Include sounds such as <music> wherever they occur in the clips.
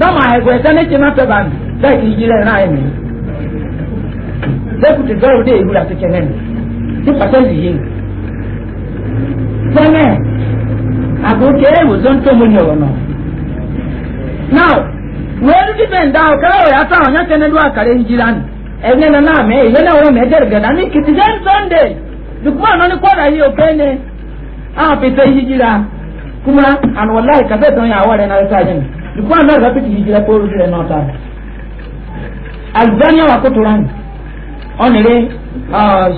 dama ẹgbẹ sani tí ma fẹ ba bẹẹ kì í jí lẹnu ayé mi dẹkùtì dọrọ dé ìlú àti kẹlẹ ni tí pàṣẹ yìí sẹlẹ àgùkẹ ìwòsàn tó mu nyọrọ nọ now wẹ́ẹ́rù dídẹ̀ ń dá ọ̀kẹ́ ọ̀rẹ́ ata àwọn yẹn tẹ́lẹ̀ lọ́wọ́ àkàrẹ́ yìí jíra ni ẹ̀yẹ́ náà náà mẹ́ ẹ̀yẹ́ náà wọ́n mẹ́ ẹ̀jẹ̀ sunday dùkúmọ̀ àná na kọ́ọ̀dà yìí ọ̀kẹ́ ni àwọn apèsè yìí jíra kúmọ́ nìkú àná ìgbà pété ìdílé kó orí rẹ̀ náà ta àgbáyé wa kó tó rán ọ̀nìrè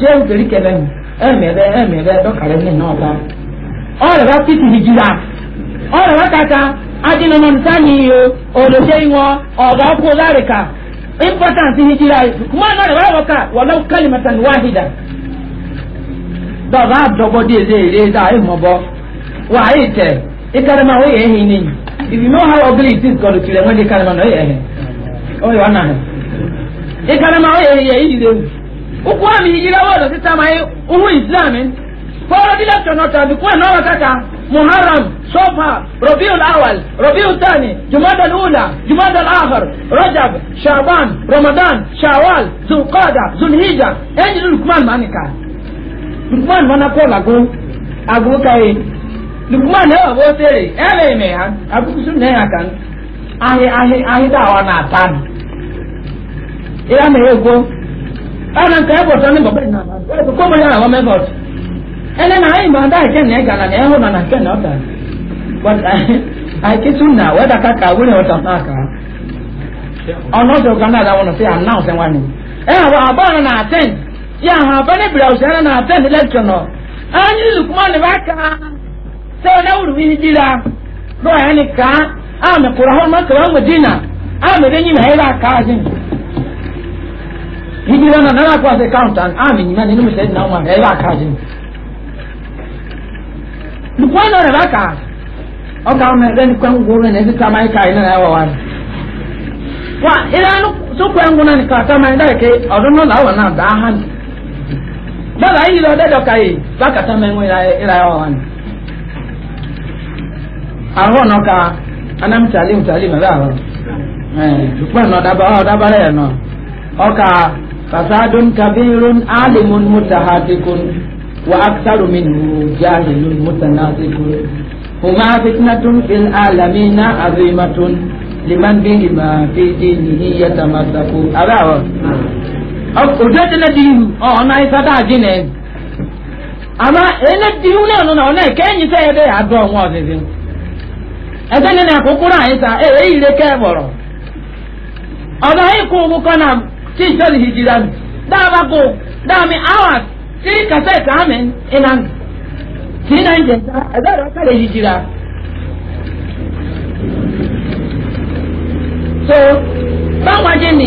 ṣé òkèrí kẹlẹ́ mi ẹ̀mẹ̀rẹ̀ ẹ̀mẹ̀rẹ̀ dọ́kàrẹ́ mi náà ta ọ̀rẹ́ wa pété ìdílé ọ̀rẹ́ wa kàkà adínàmọ́ nìsáyé iyo òdòṣe ìwọ̀n ọ̀gá ọkọ̀ lárìkà importance hijira kuma náà rẹ̀ wá wọ̀ ká wọ́lọ́ kálímẹ̀tàn wáhìdà dọ̀gá àdọ́gbọ́dé ẹ̀dẹ́ ẹ̀dẹ́ ẹ̀dá ẹ̀mọ́bọ́ wà á yìí tẹ̀ ìkàrẹ́mà ó yẹ ehi nìyí. if you know how ugly it is kọlu tilẹ̀ wọ́n di kalama náà ẹ̀hẹ̀ ọ̀yọ̀ wọn náà ẹ̀ kalama ọ̀yẹ̀ ẹ̀yẹ̀ yìí dìde ukwu àmì ìyíra wọ́ọ̀dọ̀ sísá máa yẹ uhu islam fọ́ọ̀rọ̀ bí lẹ́tọ̀ náà tàbí kú ẹ̀ náà kàkà muharram sofa rabiul awal rabiul tani jumadal ula jumadal ahar rajab shaban ramadan shawal zulqada zulhijja ẹ̀yìn lukman manika lukman mana kọ́ làgó àgó káyé. lukman na tere eme ha akụkụ na ya ka ahị ahị ahị na ata m ya na ana ndị na ya na ene na na na na na na na ka ka na na na sị na nwanne ha na ya ha na ebiri na nọ anyị na aka sai na wuri hijira do ya ni ka a me kura ho ma ka dina a me de ni na ira ka jin hijira na na ko se count an a me ni ma ni mu sai na ma ira ka jin ni ko na ra ka o ka me de ni ko ne mai na wa wa wa ira no so ko ngona ni ka ta mai da ke odun no la wa na da han bala yi lo de do kai ba ka ta mai ngora ira wa wa ni ahọ́n náà ka anam tali tali náà dáhùn ṣùgbọ́n náà dábàá ọ̀ dábàá rẹ̀ náà ọkà fasadun kabirun alimun mutahatikun wa aksaru minhu jahilun mutanasikun huma fitnatun fil alamina azimatun liman bihima fi dinihi yatamasaku. àbẹ́ àwọn ojú ẹ̀jẹ̀ náà dìhù ọ̀nà ìsádà àjìnà ẹ̀ àmà ẹ̀ náà dìhù náà nù ọ̀nà ìkẹ́yìn sẹ́yẹ̀ àdó ọ̀hún ọ̀sìn sí. ẹsẹ nínú àkókòrò àyíṣà èrè ìlé kẹbọrọ ọba ikú owó kọnà tí ìṣòro ìjìlá mi dáàbà kó dáàmì hours tí cassette àmì iná tí iná ń jẹ ẹgbẹ́ rẹ ọ̀kadà ìjìlá. so báwa jẹ ni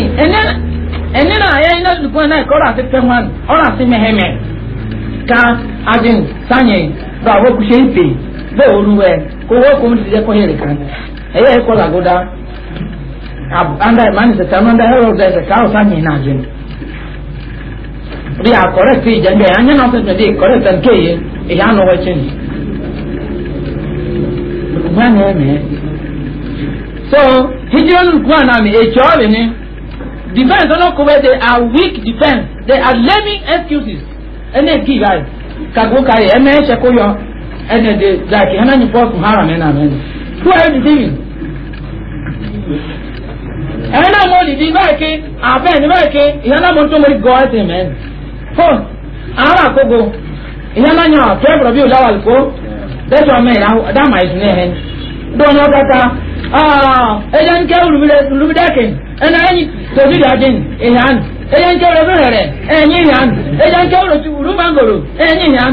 ẹni náà ayé iná dùkú náà kọ́ ọ̀rọ̀ àti pẹ́wọ́n ọ̀rọ̀ àti mẹ́hẹ́mẹ́ ká adin sáyẹn lọ àwọn kùsẹ́ ìpè bẹ́ẹ̀ olúwẹ̀ẹ́. ko wo ko mun tije ko here kan e ye ko la goda ab anda man se tan anda hero da se kaw san ni na jin ri a ko re fi jande anya na se de ko re tan ke ye e ya no wachin man ne me so hijron kwana mi e chole ni defense no ko they are weak defense they are lame excuses ene give ai kago kare eme se ko And ẹnẹ de like how many ní from hàrà mẹ́nà mẹ́nà who are you deceiving? ẹ̀yin náà mo dìdí báyìí kí àbẹ́ ní go kí ìyẹn náà mo tún mo gọ ẹsẹ̀ mẹ́rin fóònù àwọn àkókò ìyẹn náà yàn tó ẹ̀bùrọ̀ bí òláwà lùkó lẹ́sọ̀ ọmọ ìlà dáàmà ìsìn náà ẹ̀hìn dọ́ọ̀nù ọ̀kàtà ẹ̀yẹ And kẹ́ olùbídẹ́kì ẹ̀nà ẹ̀yìn tòbí ìdájìn ìhàn ẹ̀yẹ ń kẹ́ olùbídẹ́kì ẹ̀yìn ìhàn ẹ̀yẹ ń kẹ́ olùbídẹ́kì ẹ̀yìn ìhàn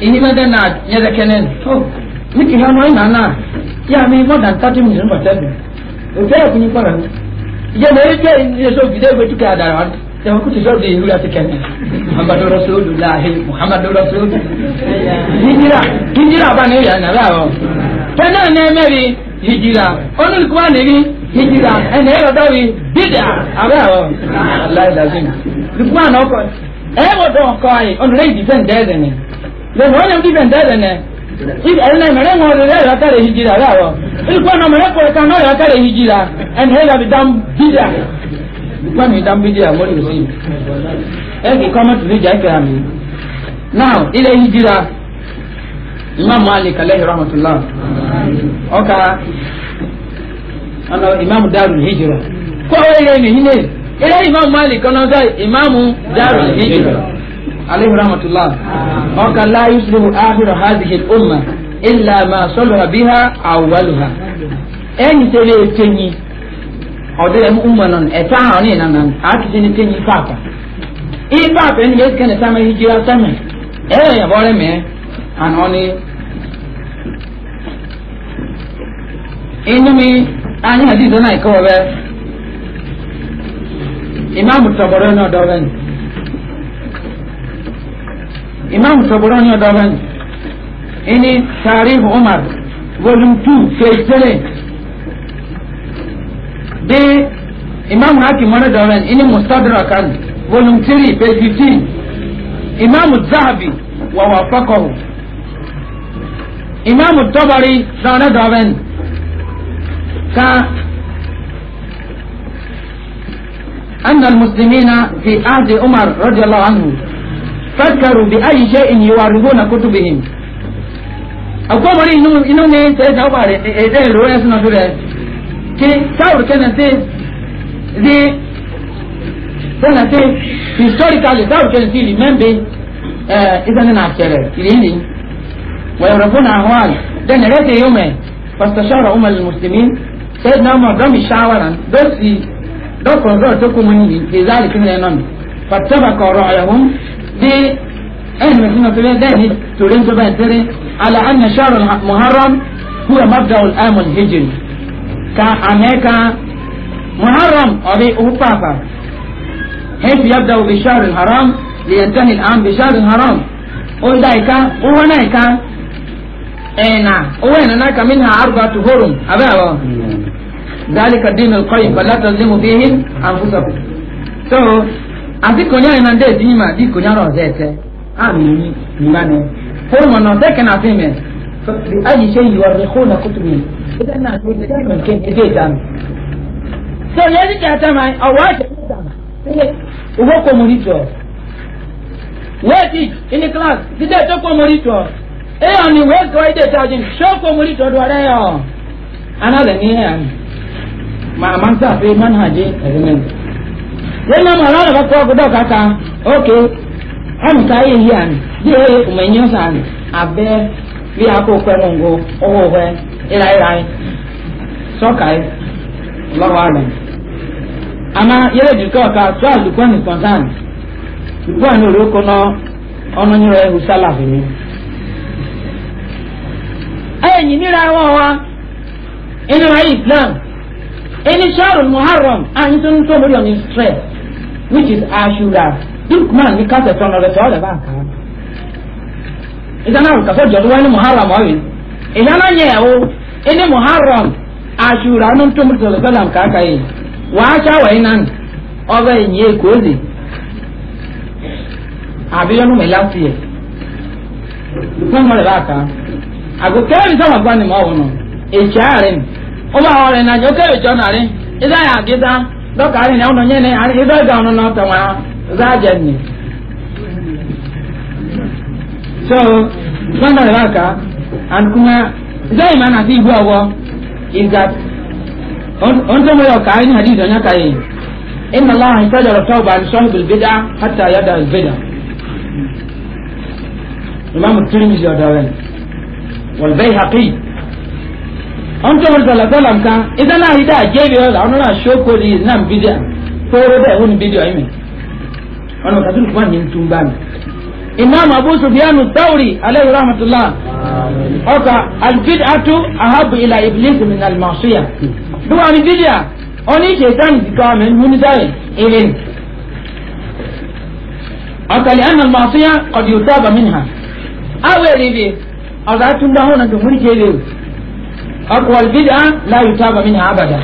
Ini de na nyɛdɛ kɛnɛ Oh, miki hɛ nɔi nana ya mi more than thirty minutes nípa tẹ́lẹ̀ òkè ẹ̀kú ní kọ́ra ìjẹ́ lórí jẹ́ ìdílé sọ òbí déwé tukẹ̀ àdàrà wa tẹ̀wọ́n kùtù sọ òbí ìlú àti kẹ́nẹ̀ muhammadu rasulu lahi muhammadu rasulu hijira hijira bá ní ìyànà rà ọ tẹ́lẹ̀ ní ẹ̀mẹ́rì hijira onírìkú wa nìrí hijira ẹ̀nà ẹ̀rọ dọ́wì Allah àbẹ́ ọ aláìlázim lùkùmá náà kọ ẹ̀wọ̀ dọ̀ kọ́ ẹ̀ ọ̀nà rẹ̀ ìdí lẹ́nu wọn yẹn ti bẹ̀ntẹ́ rẹ̀ nẹ ẹ̀rọ náà mẹ̀rẹ̀ wọn rẹ̀ yàtọ̀ rẹ̀ hijira rẹ̀ àwọ̀ ìkọ́ náà mẹ̀rẹ̀ kọ̀ ẹ̀ka náà yàtọ̀ rẹ̀ hijira ẹ̀nu yẹn làbí dam bídà wọn mi dam bídà wọn yóò sí ẹ̀ kì í kọ́ mọ́tò níjà ẹ̀kẹ́ àmì now ilẹ̀ hijira imam malik alayhi rahmatulah ọkà ọ̀nà imam darul hijira kọ́ ọ̀rẹ́ yẹn nìyí ni ilẹ̀ imam malik ọ̀nà ọ̀sẹ̀ imam darul hijira. عليه رحمة الله وقال لا يصلح آخر هذه الأمة إلا ما صلح بها أولها أين تري تني أدري أمة نن أتاني نن أكتني تني فاتا إيه فاتا إن جت كان سامي هجرة سامي إيه يا بولم إيه أنا أني إنمي أنا حديثنا يكوبه إمام الطبراني دولني imam soboroni odoban e ini tarikh umar volume 2 page 3 de imam hakim odoban e ini mustadrak an volume 3 page 15 imam zahabi wa wafaqahu imam tabari dana doban e ka أن المسلمين في عهد عمر رضي الله عنه fakkaru bi ayi shay'in yuwarriduna kutubihim akwai mori inu inu ne sai ta bare e dai ro ya suna dure ke saur kana sai the sana sai historically saur kana sai remember eh idan na kere ilini wa yarabuna ahwal dan rake yume fastashara umal muslimin sayyidina umar dami shawaran dosi dokon zo to kumuni bi zalika min anam fatabaka ra'ayhum دي احنا سنة تبقى ده تقولين تبقى تري على ان شهر المحرم هو مبدأ الام الهجن كأمريكا محرم أبي أوبابا هيك يبدأ بشهر الحرام لينتهي الآن بشهر الحرام أولئك وهناك أنا وهناك منها أربعة هرم أبا نعم. ذلك الدين القيم فلا تظلموا فيهم أنفسكم so àti kònyà yìí náà dé ìdí yìí mà dí kònyà rọ̀ ọ̀zẹ́ ẹ̀tẹ́ àmì yìí nígbà ni fóònù náà ọ̀zẹ́ kẹ́nà fi mẹ́ fi ayé ṣe yìí ọ̀rẹ́ kó na kótó mi ẹ̀dẹ́ náà ló dé ẹ̀mí kẹ́ ẹ̀dẹ́ ìdáná. tó yẹ ní kí a tẹ́ máa ọ̀wọ́ àjẹ́ ìdáná owó kò mú rí tọ̀ wéètì ìní kílàsì dídé tó kò mú rí tọ̀ èèyàn ni wéè kọ́ ìdè tàjìn ṣó kò mú rí tọ̀ dọ̀ rẹ̀ yọ̀ análẹ̀ ní ẹ̀ àmì màmá sáfẹ́ mánhàjẹ́ ẹ̀rẹ́mẹ́ntì. lẹ́nu ọmọ ọlọ́run bá kọ́ ọgbọ́dọ̀ kàkà ókè ọ̀nùtà yìí yìí àná bí ó yẹ kùmọ̀ ẹ̀yìn ọ̀sán àná abẹ́ bí akó pẹ́nu ngo owó ọ̀hẹ́ ìlà ìlà yìí lọ́wọ́ àlọ́ àmà yẹ́rẹ́ dùkọ́ ọ̀ka tó àlùkọ́ ní kọ̀ǹtàn dùkọ́ ní olóko náà ọ̀nùnyẹ̀rẹ̀ ẹ̀hùn sálàfì ẹ̀yìn inú ayé islam. ẹni ṣáàrùn muharram àyìn tó don't know lórí ọ̀nì stress which is ashura dukman ní kásẹ̀ tó ọ̀nà rẹ̀ tó ọ̀lẹ̀ bá ń kà á. ìdáná àwùjọ sọ jọ̀dún wọn ní muharram ọ̀yìn ìyáná yẹ o ẹni muharram ashura ọ̀nà tó mú tó lọ́sọ̀ làm kàkà yìí wàá ṣáwọ̀ iná ọ̀bẹ ìyìn èkó zè àbíyọ́nù mi láti yẹ dukman mọ̀lẹ̀ bá kà á. àgùkẹ́rì sáwọn àgbà ni mọ̀ ọ̀hún nù èkì àárín ụmụ ahụrụ na anya oke ewecha narị ịza ya agịza dọka arị na ụlọ nye na arị ịza ịga ọnụ n'ọta nwa za jenni so wanda da baka and kuma zai ma na igwe ọwọ is that on to mo yo ka ni hadith on yaka yi inna allah istajara tawba an sahibul bid'a hatta yada al bid'a imam at-tirmidhi wa dawen wal bayhaqi on to wala salam ka idan na ida jebe wala on na shoko di nan bidia ko ro da hun bidia imi on ka tun kuma nin tumban imam abu sufyan thawri alayhi rahmatullah oka al bid'atu ahabu ila iblis min al ma'siyah duwa ni bidia oni shaitan ka men hun dai irin oka li anna al ma'siyah qad yutaba minha aweli bi azatun da hona ga murke ne أقوى البدعة لا يتابع منها أبدا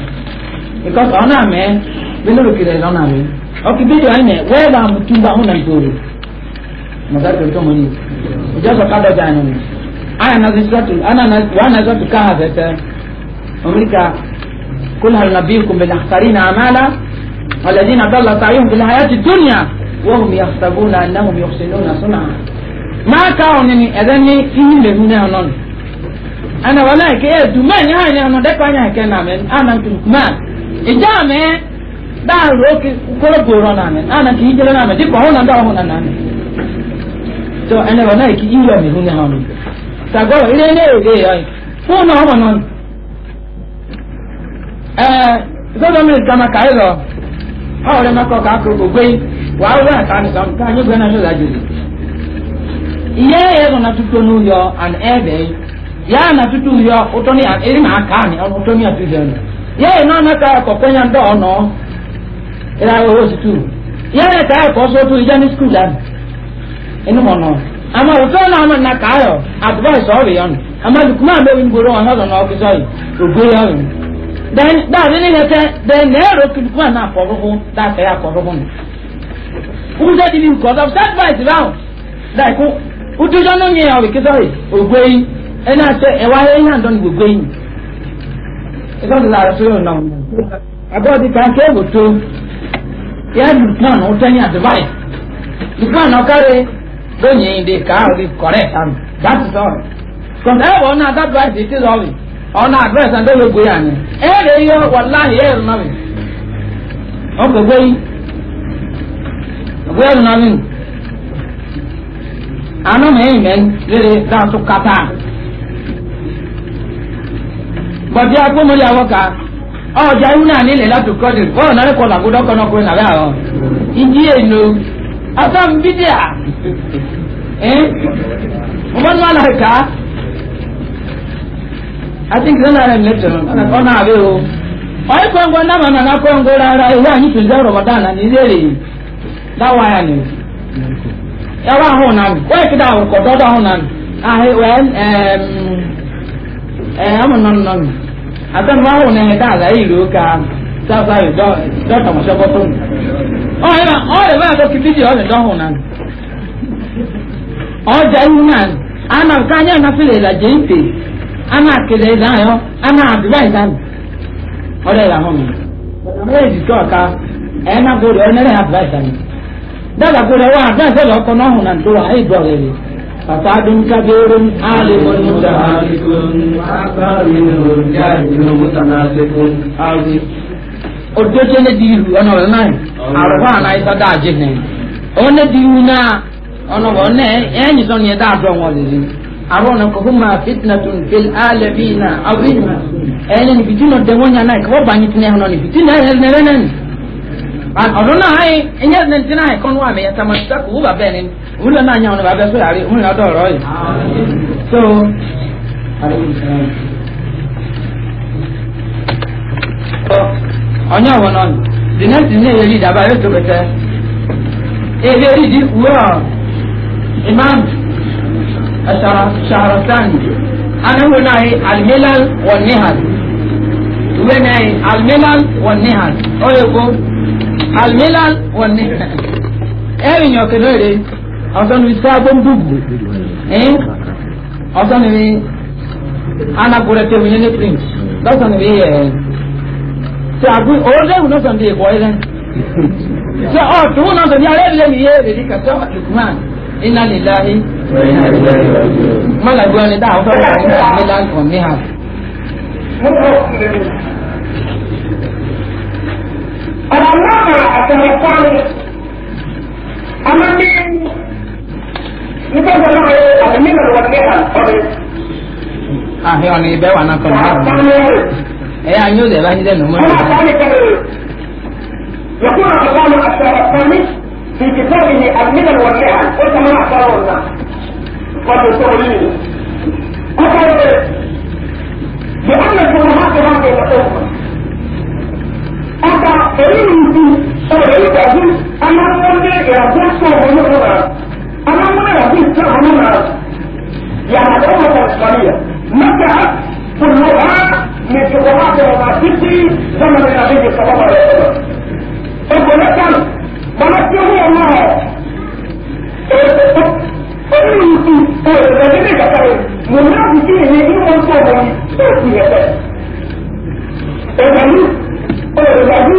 because أنا من بلو كده أنا من أوكي بدعة هنا ولا متوبة هنا نقول أنا أنا هني أنا أنا أنا أنا نزلت أنا أنا وأنا نزلت كهذا أمريكا أنا أنا نبيكم أنا أعمالا الذين ضل سعيهم في الحياة الدنيا وهم يحسبون أنهم يحسنون صنعا ما كانوا أنا أنا أنا نون ana wala ke ya duma nya nya no de pa nya ke na men ana tu ma e ja me da ro ki ko lo na men ana ki je na me di ko na da ho na na so ana wala i yo hu na ha no ta go ile ne o ge ai fo na ho no eh so da ka ha ole na ko ka ko go wa wa ta ni sam na na tu nu yo an ya na tutu yo utoni ya ili maka utoni ya tutu ye na ka ko konya ila wo situ ye na ka ko tu ijani school an inu mo ama utona ama na ka yo advice o na ama lukuma be win goro ama no ki ya yo then da ni ni then ne ro na ko ro da ka ya ko ni uze di ni ko da da ko utu jono ya o ki ẹni àti ẹwà ẹyìn náà gbogbo ẹyìn ẹgbẹ́ ọ̀dọ̀ àrẹ sọ́yọ̀ náà agbọ́dọ̀ kan kẹ́ wò tó yá ní plan ó tẹ́yìn advice the na ọ̀kárẹ́ lóyìn ẹ̀yìn dé ká ọ̀dẹ correct am that is all because ẹ̀ wọ̀ ọ́nà advice is all ọ̀nà advice and ẹ̀rọ gbé ẹ̀rẹ̀ yọ bọ̀dé akómọlé àwọn ká ọjà ìwúnà nílẹ̀ láti kọ́dì bọ́ọ̀ náà kọ́ làgùdọ́ kọ́nà kó nàbẹ́ àwọn ìdí èno asámbídíà ẹ́ wọ́n nù àlà ká àti nìkan náà rẹ̀ lẹ́tọ̀ ọ̀nà àbẹ́ o ọ̀yẹ́ kọ́ńgọ́ náà nà ná kọ́ńgọ́ rárá ìwé àyìn tó ń jẹ́ rọ̀mọ́dá nà ní ilé rèé dáwọ́ àyà ni ẹ̀rọ àhùn nà wọ́n yẹ ẹ̀hún nọ́nọ́ mi àtẹnumọ́ àwọn ọ̀nà ẹ̀dá àlàyé ìlú ká sáfà ìjọ ìjọ́tàmọ̀ṣọ́kọ́ tó nù. ọ̀rẹ́ ọ̀rẹ́ bá àtọ́ kìtìjì ọ̀rẹ́ dọ́hùn náà ọ̀jà ihu náà ana nka anya anafẹ́lẹ̀ ìpè àdúrà ìlà hàn mi. ìdìtọ́ ọ̀ka gbọ́dọ̀ فسعد كبير عالم متهالك وأكثر منه جاهل متماسك odoje ne diru ono wa nai arwa na isa da je ne one diru na ono wa ne enyi so ne da do won le arwa na ko huma fitnatun fil alamina azima enen bitino de wonya nai ko banyi tine hono ni bitino ne ne ne ọdún náà ayé ẹ̀yẹ́ ẹ̀dẹ̀ntì náà ẹ̀kọ́ níwà mẹ́yẹ tamọ̀ ìtàkù wúbà bẹ́ẹ̀ ni òun náà nyà wọn bàbá sọ̀rọ̀ àrí òun náà dọ̀rọ̀ yìí. so ọ̀nyẹ́ wọn náà the next thing yẹ́ yẹ́rì ìdàbà yóò tó bẹ̀tẹ̀ èyí yẹ́rì ìdí wúrọ̀ imam ṣàròsàn anáwó náà yẹ alimilal wọ̀ níhàn ìwé náà yẹ alimilal wọ̀ níhàn ọ̀yẹ́ kó almilal wọn ni ẹ̀rìn yàn kẹlẹ́ rẹ̀ ọ̀sán mi sábó ń dùgbò ẹ̀yìn ọ̀sán mi anagore tẹ̀wé yẹn ní prince lọ́sàn mi yẹ ṣe se ọ̀rẹ́dẹ̀wò lọ́sàn mi yẹ bọ̀ ẹ̀rẹ́ ṣe ọ̀tún wọn lọ́sàn mi yẹ arẹ́rẹ́ mi yẹ rèé kàtà lukman iná lè láyé mọ́lá gbọ́n ni dáhùn fẹ́ràn ní almilal wọn ni ọ̀rọ̀ náà àtẹ̀rẹ̀ sáré àmọ́ ní nígbà tó náà yẹ àwọn mímọ̀ wọn ní àkọ́rẹ́. àhẹ́ ah, ọ̀nà ibẹ̀ wà náà kọ́ni náà kọ́ni ẹ̀ yà nyó lẹ́la yín lẹ́nu mọ́. ọ̀rọ̀ sáré kẹ́lẹ́ yọkùn àgbàlù àtẹ̀rẹ̀ sáré fi kìtọ́ọ̀bì ní àmìlẹ̀ wọn ní àkọ́rẹ́ ó sọ mọ́ àkọ́rẹ́ wọn náà wọ́n tó sọ لأن الأمهات এই সব এই এখন আমার মধ্যে রাজস্ব অনুপ্রদান আমার মনে রাজস্ব অনুপ্রাস يعلم الإسلامية نجحت كلها من جماعات المعصيتي زمن النبي صلى الله عليه وسلم طب ولكن بلغته الله Fẹ́yìntì ọ̀rẹ́dẹ̀dẹ̀ kàtà rẹ̀, mo láti kí èyí ní wọ́n tó ọmọ yìí, tó kù yẹ̀tẹ̀. Ẹ̀dàlú, ọ̀rẹ́dàlú,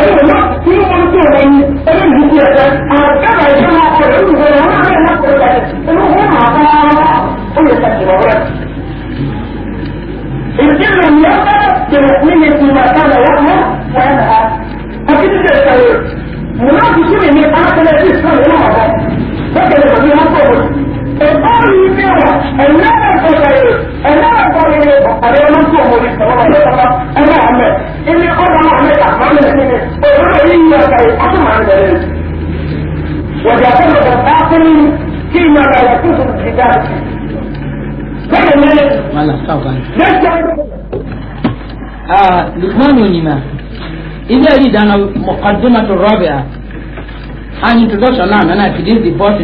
ẹ̀rọ náà tí wọ́n ń tẹ̀lé ní ẹ̀rọ ìdíje ẹ̀fẹ́ àwọn kábàá ìṣe wọn kọ ẹ̀rọ ìdíje wọn náà lè máa tẹ̀lé ẹ̀rọ wọn máa bá ó lè tẹ̀lé wọn rẹ̀. ìdílé ni wọ́n bá tẹ̀lé nínú ìpín màtá lọ wọ́n mọ́ wọ́n yẹn náà. àti títí ẹ̀sẹ̀ rẹ̀ mùnà tuntun mi ní alákẹ́lẹ́ sí ìsúná lọ́wọ́ تقول بها انها تغير انها تغير انا منصوب منك انا عمال اللي قرر عمال اعمل هنا ايه يا اخي عن ذلك وجعله الباطل فيما لا يكون الحجاب آه لزمان ونما إذا أريد أنا مقدمة الرابعة an introduction náà nana kìdí di bọ́s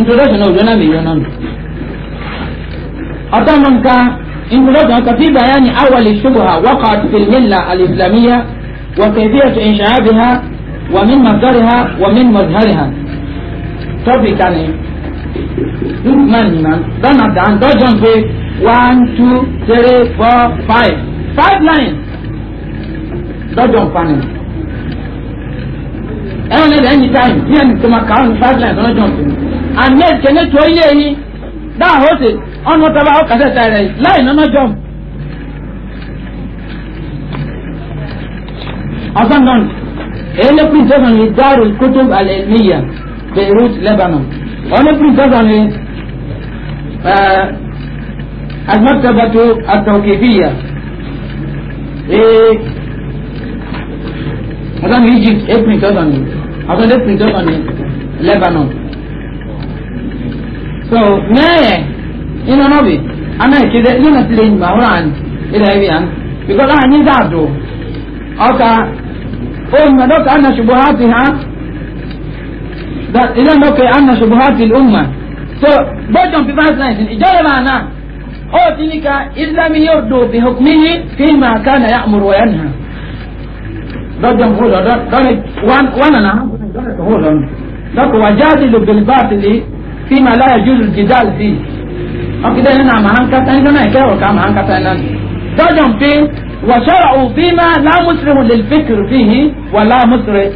introduction náà òjò náà mi yọ náà nù. ọ̀tọ́ mu nka introduction kàfi bayani awali shubha waqat fil milla al islamiyya wa kayfiyatu insha'abiha wa min masdariha wa min mazhariha. topic kani lukman nina dana dan dɔjɔn pe one two three four five five lines dɔjɔn pani ẹ̀rọ ní ẹ̀yìn táyì bí ẹni tó máa kàwọn five lines ọ̀nà jọ̀ tó àmì ẹ̀jẹ̀ ní tó yé yín dáa ó sì ọ̀nà tọ́ba ó kàṣẹ́ ta rẹ̀ láì nọ́nà jọ̀. ọ̀sán náà èyí ní princeton ní dárò kótó alẹ́ níyà beirut lebanon wọ́n ní princeton eh, eh, ní المكتبة التوقيفية إيه مثلا يجي ابني كذا ọ̀tọ̀ ní pìtọ́ náà ní lebanon so nyẹ́yẹ iná náà bi aná ìkéde yóò náà tilẹ̀ ìgbà wúrà ní ilẹ̀ ibi yàn because àwọn yín dáa dùn ọkà ọmọ dọ́kà ànà ṣubú ha ti ha ilé dọ́kà ànà ṣubú ha ti ọmọ so bọ́jọ̀n fífa sáyẹ̀nsì ìjọba bá náà ó ti ní ka islam yóò dùn bí hukumihi fi máa ká na yà múru wọ̀nyẹn nà bọ́jọ̀n fúlọ̀ dọ́ni wánà náà. لك وجادل بالباطل فيما لا يجوز الجدال فيه أو كده هنا معهن نعم، كتاين كنا يكيه وكام معهن كتاين لن دجم فيه وشرعوا فيما لا مسلم للفكر فيه ولا مسر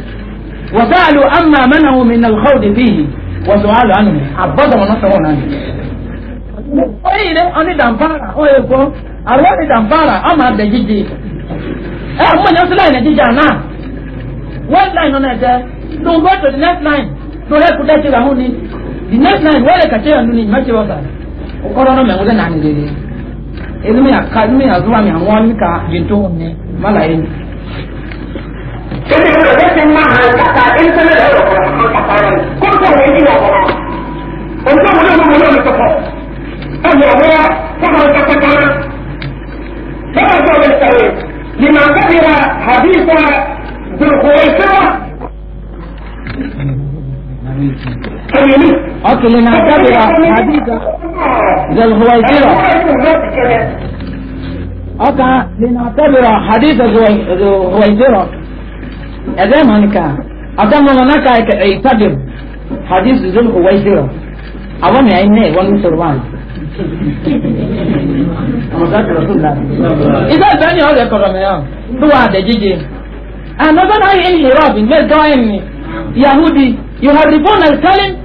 وسألوا أما منه من الخوض فيه وسؤال عنه عبد ما نصرون عنه أي لي أني دمبارا أو يكو أرواني دمبارا أما عبد جيجي أه أمي نصلاي نجيجي أنا وين لاي نونا يجي no go to the next line no help that you are ni the next line where ka tell ni ma che wasa o ko no me wo na ni ni elu me aka ni azu wa mi awon mi ka jinto ni mala yin لما كثر حديث الجليل أكل نعتبر حديث ذا الهويسرة أكل لنعتبر حديث الهويسرة أذا ما نكا أكل نكا يعتبر حديث ذا الهويسرة أوامي عيني والمسروان إذا الثاني هذا يقرأ مياه هو هذا جيجي أنا بنا إيه رابين بس قوائمني يهودي يهربون الكلم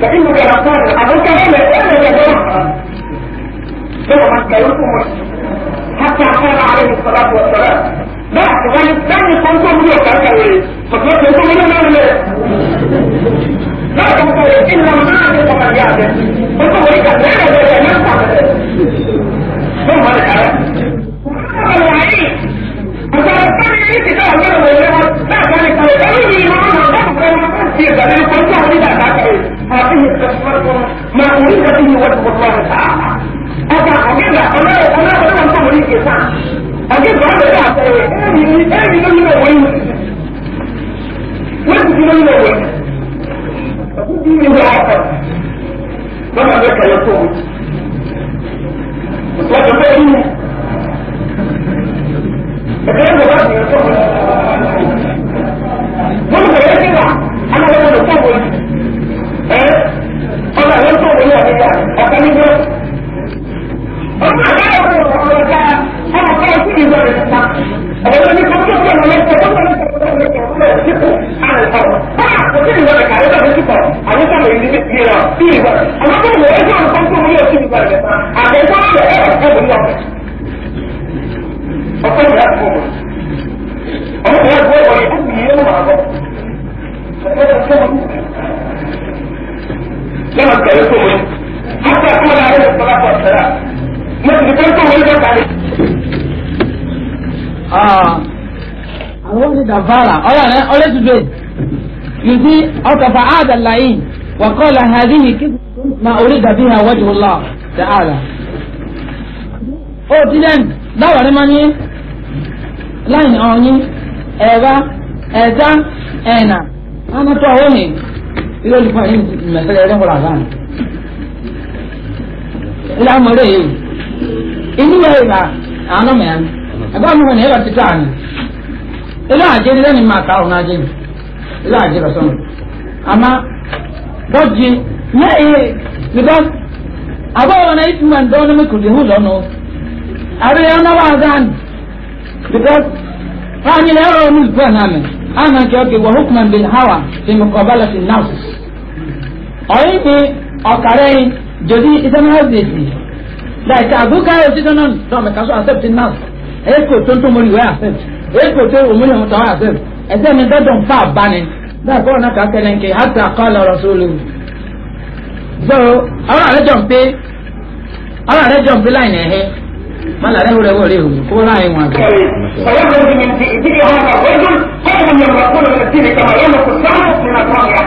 लेकिन मुझे अपना अगर करें लेते हैं लेकिन तो हम करूँ तो सब चाहते हैं आगे मुस्करा बहुत सारा मैं तुम्हारी तंग कौन को मुझे कर कर रही मतलब तुमको मुझे ना मिले मैं तुमको लेकिन हम ना आगे पकड़ गया है तुमको वही कर रहे हैं जैसे मैं पकड़ रहे तुम हर कारण किसी अंदर बोलने वाले ना जाने कभी भी ईमान होता है तो हमारी बात عليه قسمتكم ما أريد به وجه الله تعالى أتا أجيبا أما أما أما أنت مريد يسعى أجيب هذا يا أمين أمين من وين وين من وين فقد من العقل فما ذاك يصوم وصلى بينه فكان ذاك يصوم ومن يجب أنا لم أصوم ولهرته إلى الله أكلمه Thank you. lẹ́nu tẹ̀lé tó wọlé hàtà tó wọlé àrẹ ìfọlá pọ̀ tẹ̀lá mọ̀tò tẹ̀lé tó wọlé bẹ́ẹ̀ parí. àwọn ti dàfàrà ọ̀rẹ́ rẹ ọ̀rẹ́ ti bẹ́ẹ̀ yìí ọ̀kàfà àdàláyìn wàkọ́lá hàdíhì kí ma orí dàbí ha wájú ọlá dàhálà. ó ti dẹ́n dáwọ̀ rẹ máa ń yé láyìn ọ̀yin ẹ̀rá ẹ̀dá ẹ̀nà ánátọ̀ ọ̀hún ilé olùkọ́ yìí mẹ̀sẹ̀lẹ̀ ẹ̀rẹ́ wọ̀rọ̀ àgbà ilé amọ̀rẹ́ yìí inú wa ìlà àánú mẹ́rin ẹ̀gbọ́n mi wọn ẹ̀rọ títà ni ilé àjẹ́ ilé ni màkà ọ̀hún àjẹ́ mi ilé àjẹ́ lọ sọ́nù àmà bọ́jì ní ẹ̀yẹ bìbọ́ àbọ̀wọ̀ náà ìtumọ̀ máa ń dọ́wọ́ ní kùdì hù lọ́nà àrí ọ̀nà wà gán bìbọ́ fáwọn ilé ẹ̀rọ ọ̀nù ìgbọ́ náà mẹ́ ọ̀yìnkì ọ̀kàrẹ́yìn jòdì ìdáná ẹ̀dẹ̀sì like àgùkà òṣìṣẹ́ náà dọ̀mẹ̀ kásọ̀ accept now èkó tó ń tó accept èkó tó òmùlẹ̀ ọ̀hún tó accept ẹ̀sẹ̀ mi dẹ́dùn fà bani bẹ́ẹ̀ kọ́ ọ̀nà kàkẹ́lẹ́ nkè hàtà kọ́lọ̀ ọ̀rọ̀ sólù. so ọ̀rọ̀ rẹ̀ jọ̀m pé ọ̀rọ̀ rẹ̀ jọ̀m pé láì nẹ̀hẹ́ mọ́lá rẹ̀ wúrẹ́ wọlé òun kó láì wọn àgbẹ̀. ọ̀rọ̀ rẹ̀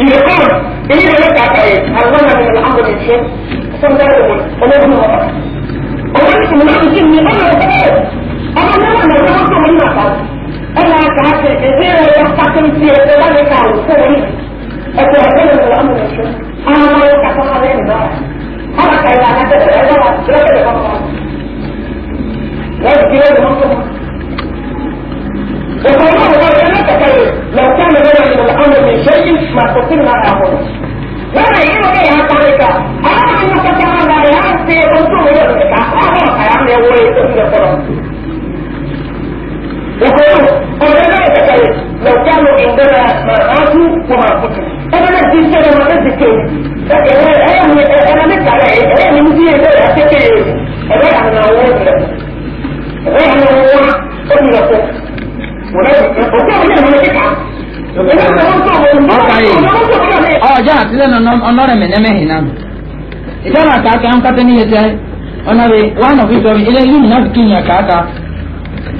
اللي يقول اللي بيرجع تقريب أولا من العمر الإنسان ثم درجة ولا هم وقت وقلت من العمر الإنسان من قبل وتقريب أنا لا أنا لا أقوم من أقل أنا أتعرف كثير يستحكم في ذلك على الصوري أتعرف من العمر الإنسان أنا ما يقع فقط بقى حركة إذا أنا تتعرف لا تتعرف لا تتعرف لا تتعرف لو كان منعهم الامر من شيء ما قتلنا اخره وما يرى يا طريقة أنا أنك تعالى يأتي رسول يدرك أخاك يا عمي وليد من القرآن يقول أولئك كيف لو كانوا عندنا ما ماتوا وما قتلوا أنا نفسي السنة ما نذكر أنا نفسي على أنا مدير ده أتكلم غير عن الله غير عن الله قلنا ọjọ́ àti lẹ́nu náà ìjọba wọn ilé kàákà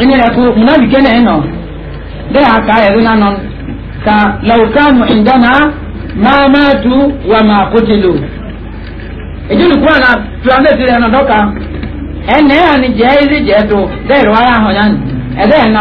ẹni kú nọ bẹ́ẹ̀ àkà ẹ̀rú náà nọ ìdáná máa máa wà máa kó ti lò rẹ̀ nọ̀dọ́ka ẹ̀ ni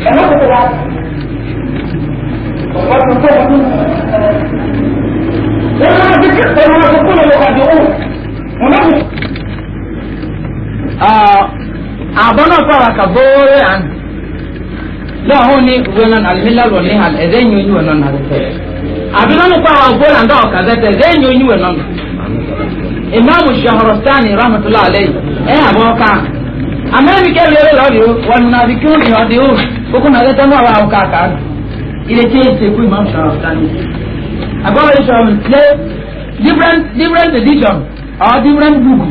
Ah, abana fara ka bore an la honi wenan al hilal wal nihal eden yoni wenan na te abana fara bore an da ka da te eden yoni wenan imam shahrastani rahmatullah alayhi eh aboka amẹ́ríkà lérò lọ́dí o wọn nà bí kí ó ní ọdí o kókó nà lẹ́tọ́ náà wà á ká ká ilé tí èsì kú ìmọ̀ sọ̀rọ̀ sani. àbọ̀wé sọ̀rọ̀ lé different different edition or different book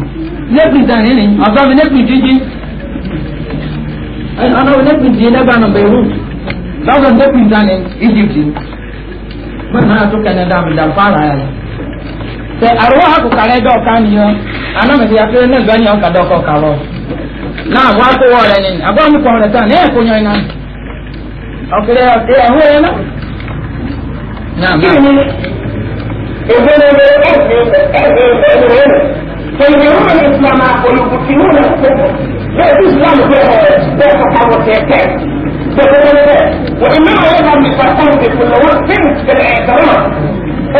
lẹ́pì sani ni ọ̀sán mi lẹ́pì jíjí ọ̀nà mi lẹ́pì jíjí lẹ́gbàá nà bẹ̀rù lọ́sọ̀ lẹ́pì sani egypt bọ́n náà tó kẹ́ni dàbí dàbí fara yẹn. sẹ àrùwọ̀ àkùkàrẹ́ dọ̀ọ̀ká nìyẹn anamẹ̀sẹ̀ yàtọ̀ ni ọ̀kadọ̀ ọ̀kọ̀ kàwọ́ náà wá kó wọ rẹ nìyí àgọ́ mi kọ̀ rẹ̀ tán ní ẹ̀kọ́ yan iná ọ̀kẹ́rẹ́ ọ̀kẹ́ ẹ̀hún ẹ̀yẹ náà. kí ni ìgbéléwé ẹ̀sìn ẹ̀sìn ẹ̀sìn rẹ̀ فيدعون الاسلام ويبطلون الكفر ليس الاسلام بيت حركتين وانما يظهر نفاقهم في كل وقت في الاعتراف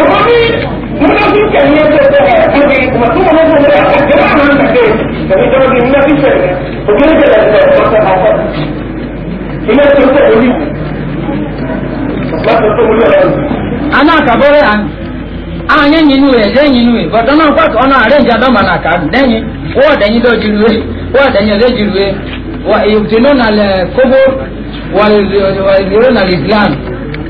الرميل منافق ان يبدا بها هذه مطلوبه منهم الجماعه من البيت Jadi kalau di ah, mana bisa ya? Begini saja kita masa apa? Ini kita ini. Masa itu mulai. Anak kabore an. Anya nyinu e, le nyinu e. But ona kwa ona are nja do mana ka. Denyi, wo denyi do jiru e. Wo denyi le jiru e. Wa yubtinuna al kubur wal yubtinuna al islam.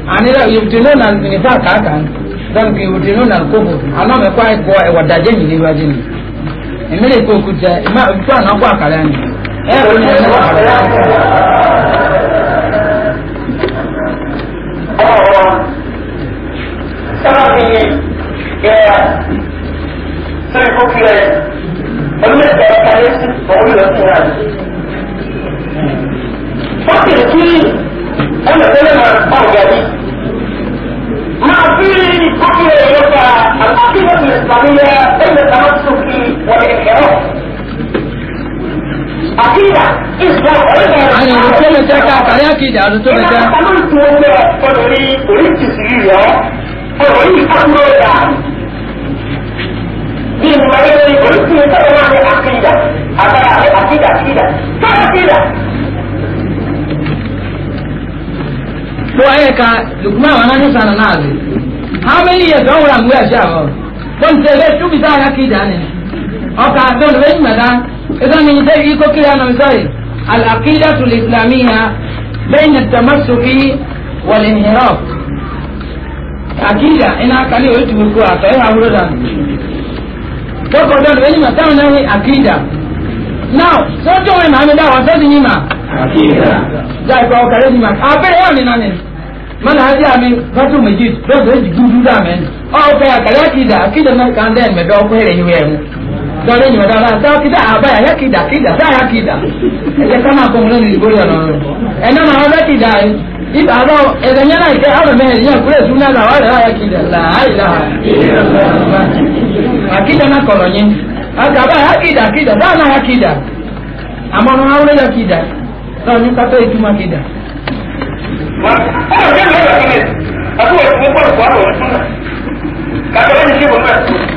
Anira yubtinuna al nifaq ka kan. Dan yubtinuna al kubur. Ana me kwa kwa wadaje ni wajini emere ekwe okuta ema okuta na ọkwa akara anyị ee onye ọkwa akara anyị. Fọ́tì tí ọ̀nà tẹ́lẹ̀ máa ń pa ọ̀gá yìí. Máa fi kọ́kí ẹ̀yọ́ ta àti والانحراف عقيدة إصلاح أنا أقول لك على عقيدة أنا أقول لك أنا أقول لك أريد أريد تسيرها أريد أمرها من مريض أريد تسيرها عن العقيدة أبقى عقيدة عقيدة كعقيدة ko ayaka lukuma wa nani sana nazi how many years don't run where shaw don't say let's do bizarre akida nini ọkà àtọ́lù lẹ́yìn mẹ́ta ẹ̀dọ́ ni ìdẹ́ yìí kókè yà náà sọ́yì àlàkídà tó lè fìlàmì yà lẹ́yìn ìtàmásókè wọlé nìyẹrọ. àkídà iná kálí òye tìwé kú àtọ́ yà wúlò dànù. dọ́kọ̀ ọ̀dọ́lù lẹ́yìn mẹ́ta wọn náà ní àkídà. now sọ́jọ́ wọn màá mi dá wà sọ́dún yìí mà. àkídà. jáì kọ́ ọ̀kàrẹ́ ni mà àbẹ̀rẹ̀ yà mí nání mana hajji ami fatu majid don da ji gudu da men o ka ya kala ki da ki da na kan da me do ko hele ni we mu dọ́lé ni ọ̀dọ́ àbá kídà àbá yà kídà kídà sáyà kídà ẹ̀jẹ̀ ká máa kọ́mu lónìí ìgbórí ọ̀nà rẹ̀ ẹ̀nà máa ọ̀dọ́ kídà ibà àbá ẹ̀dẹ̀ yẹn náà ìkẹ́ ọ̀rọ̀ mẹ́rin yẹn kúrẹ́ sún náà wà lẹ́wà yà kídà láàyè àkídà náà kọ̀rọ̀ yín àti àbá yà kídà kídà sáà náà yà kídà àmọ́ ọ̀nà àwọn ẹ̀yà kídà sáà ní pátá ìtumọ̀ kídà. ọ̀rọ̀ kí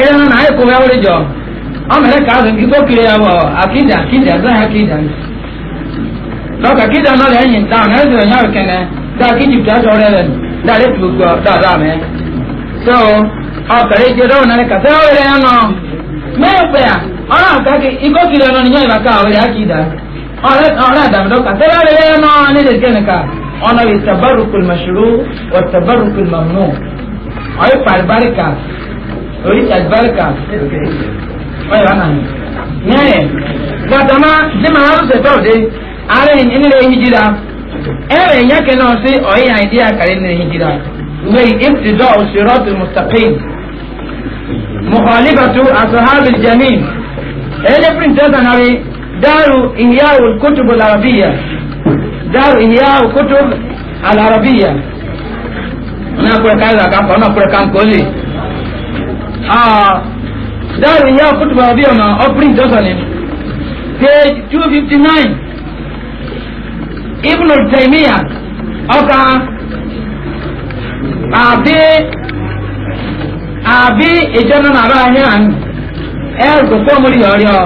ilé náà náà kó wẹ́wọ́rẹ́ jọ ọmọ rẹ kàá sùn kíkó kiri ẹ wọ akíjà akíjà sáà akíjà lọ́kà akíjà náà lè yìn dáa náà sọ̀rọ̀ yàrá kẹ́nẹ́ dáa kí jìbìtì àjọ rẹ lẹ́nu dáa lè tù gbọ́ dáa dáa mẹ́. so ọkàrẹ́ ìjẹ́ dọ́wọ́ náà kàtẹ́ ọ̀rẹ́ yẹn nọ mẹ́ẹ̀pẹ́ à ọ̀rọ̀ àkàkẹ́ ikó kiri ẹ̀ níyàn ìbàkà ọ̀rẹ́ akíjà ọ̀rẹ́ àdàmdọ́ kàtẹ́ ọ̀rẹ́ yẹn nọ nílẹ̀ kẹ́nìkà ọ̀nà oríṣi àgbáríkà ọyọ àná nyẹrẹ gbàtàmá jẹmọ arúgbó tọọdẹ ààrẹ ìnílẹ ìhìjìlá ẹrẹ ìyàkẹ náà sí ọyìn àìdí àkàrẹ ìnílẹ ìhìjìlá wẹyì ìfìdọ òṣèrọtù mustaphein mùkàlíbàtú àtúhábìl jamin ẹlẹ píríntẹsà náà rí dáàrú ìyáwó kótóbù làrabíyà dáàrú ìyáwó kótóbù àlàrabíyà ọ̀nà kúrẹ̀ká ìlà kan kọ́ ọ̀nà kúrẹ̀ká ń kọ́lé dáàrú ìyá kútùbà bí ọ̀nà ọ̀pìrìn jọ́sọ̀lẹ̀ page two fifty nine ibnu taimiya ọkà àbí àbí ìjọba nàbà ahẹ́ àná ẹ̀rù kò fọ́ mórí ọ̀rẹ́ ọ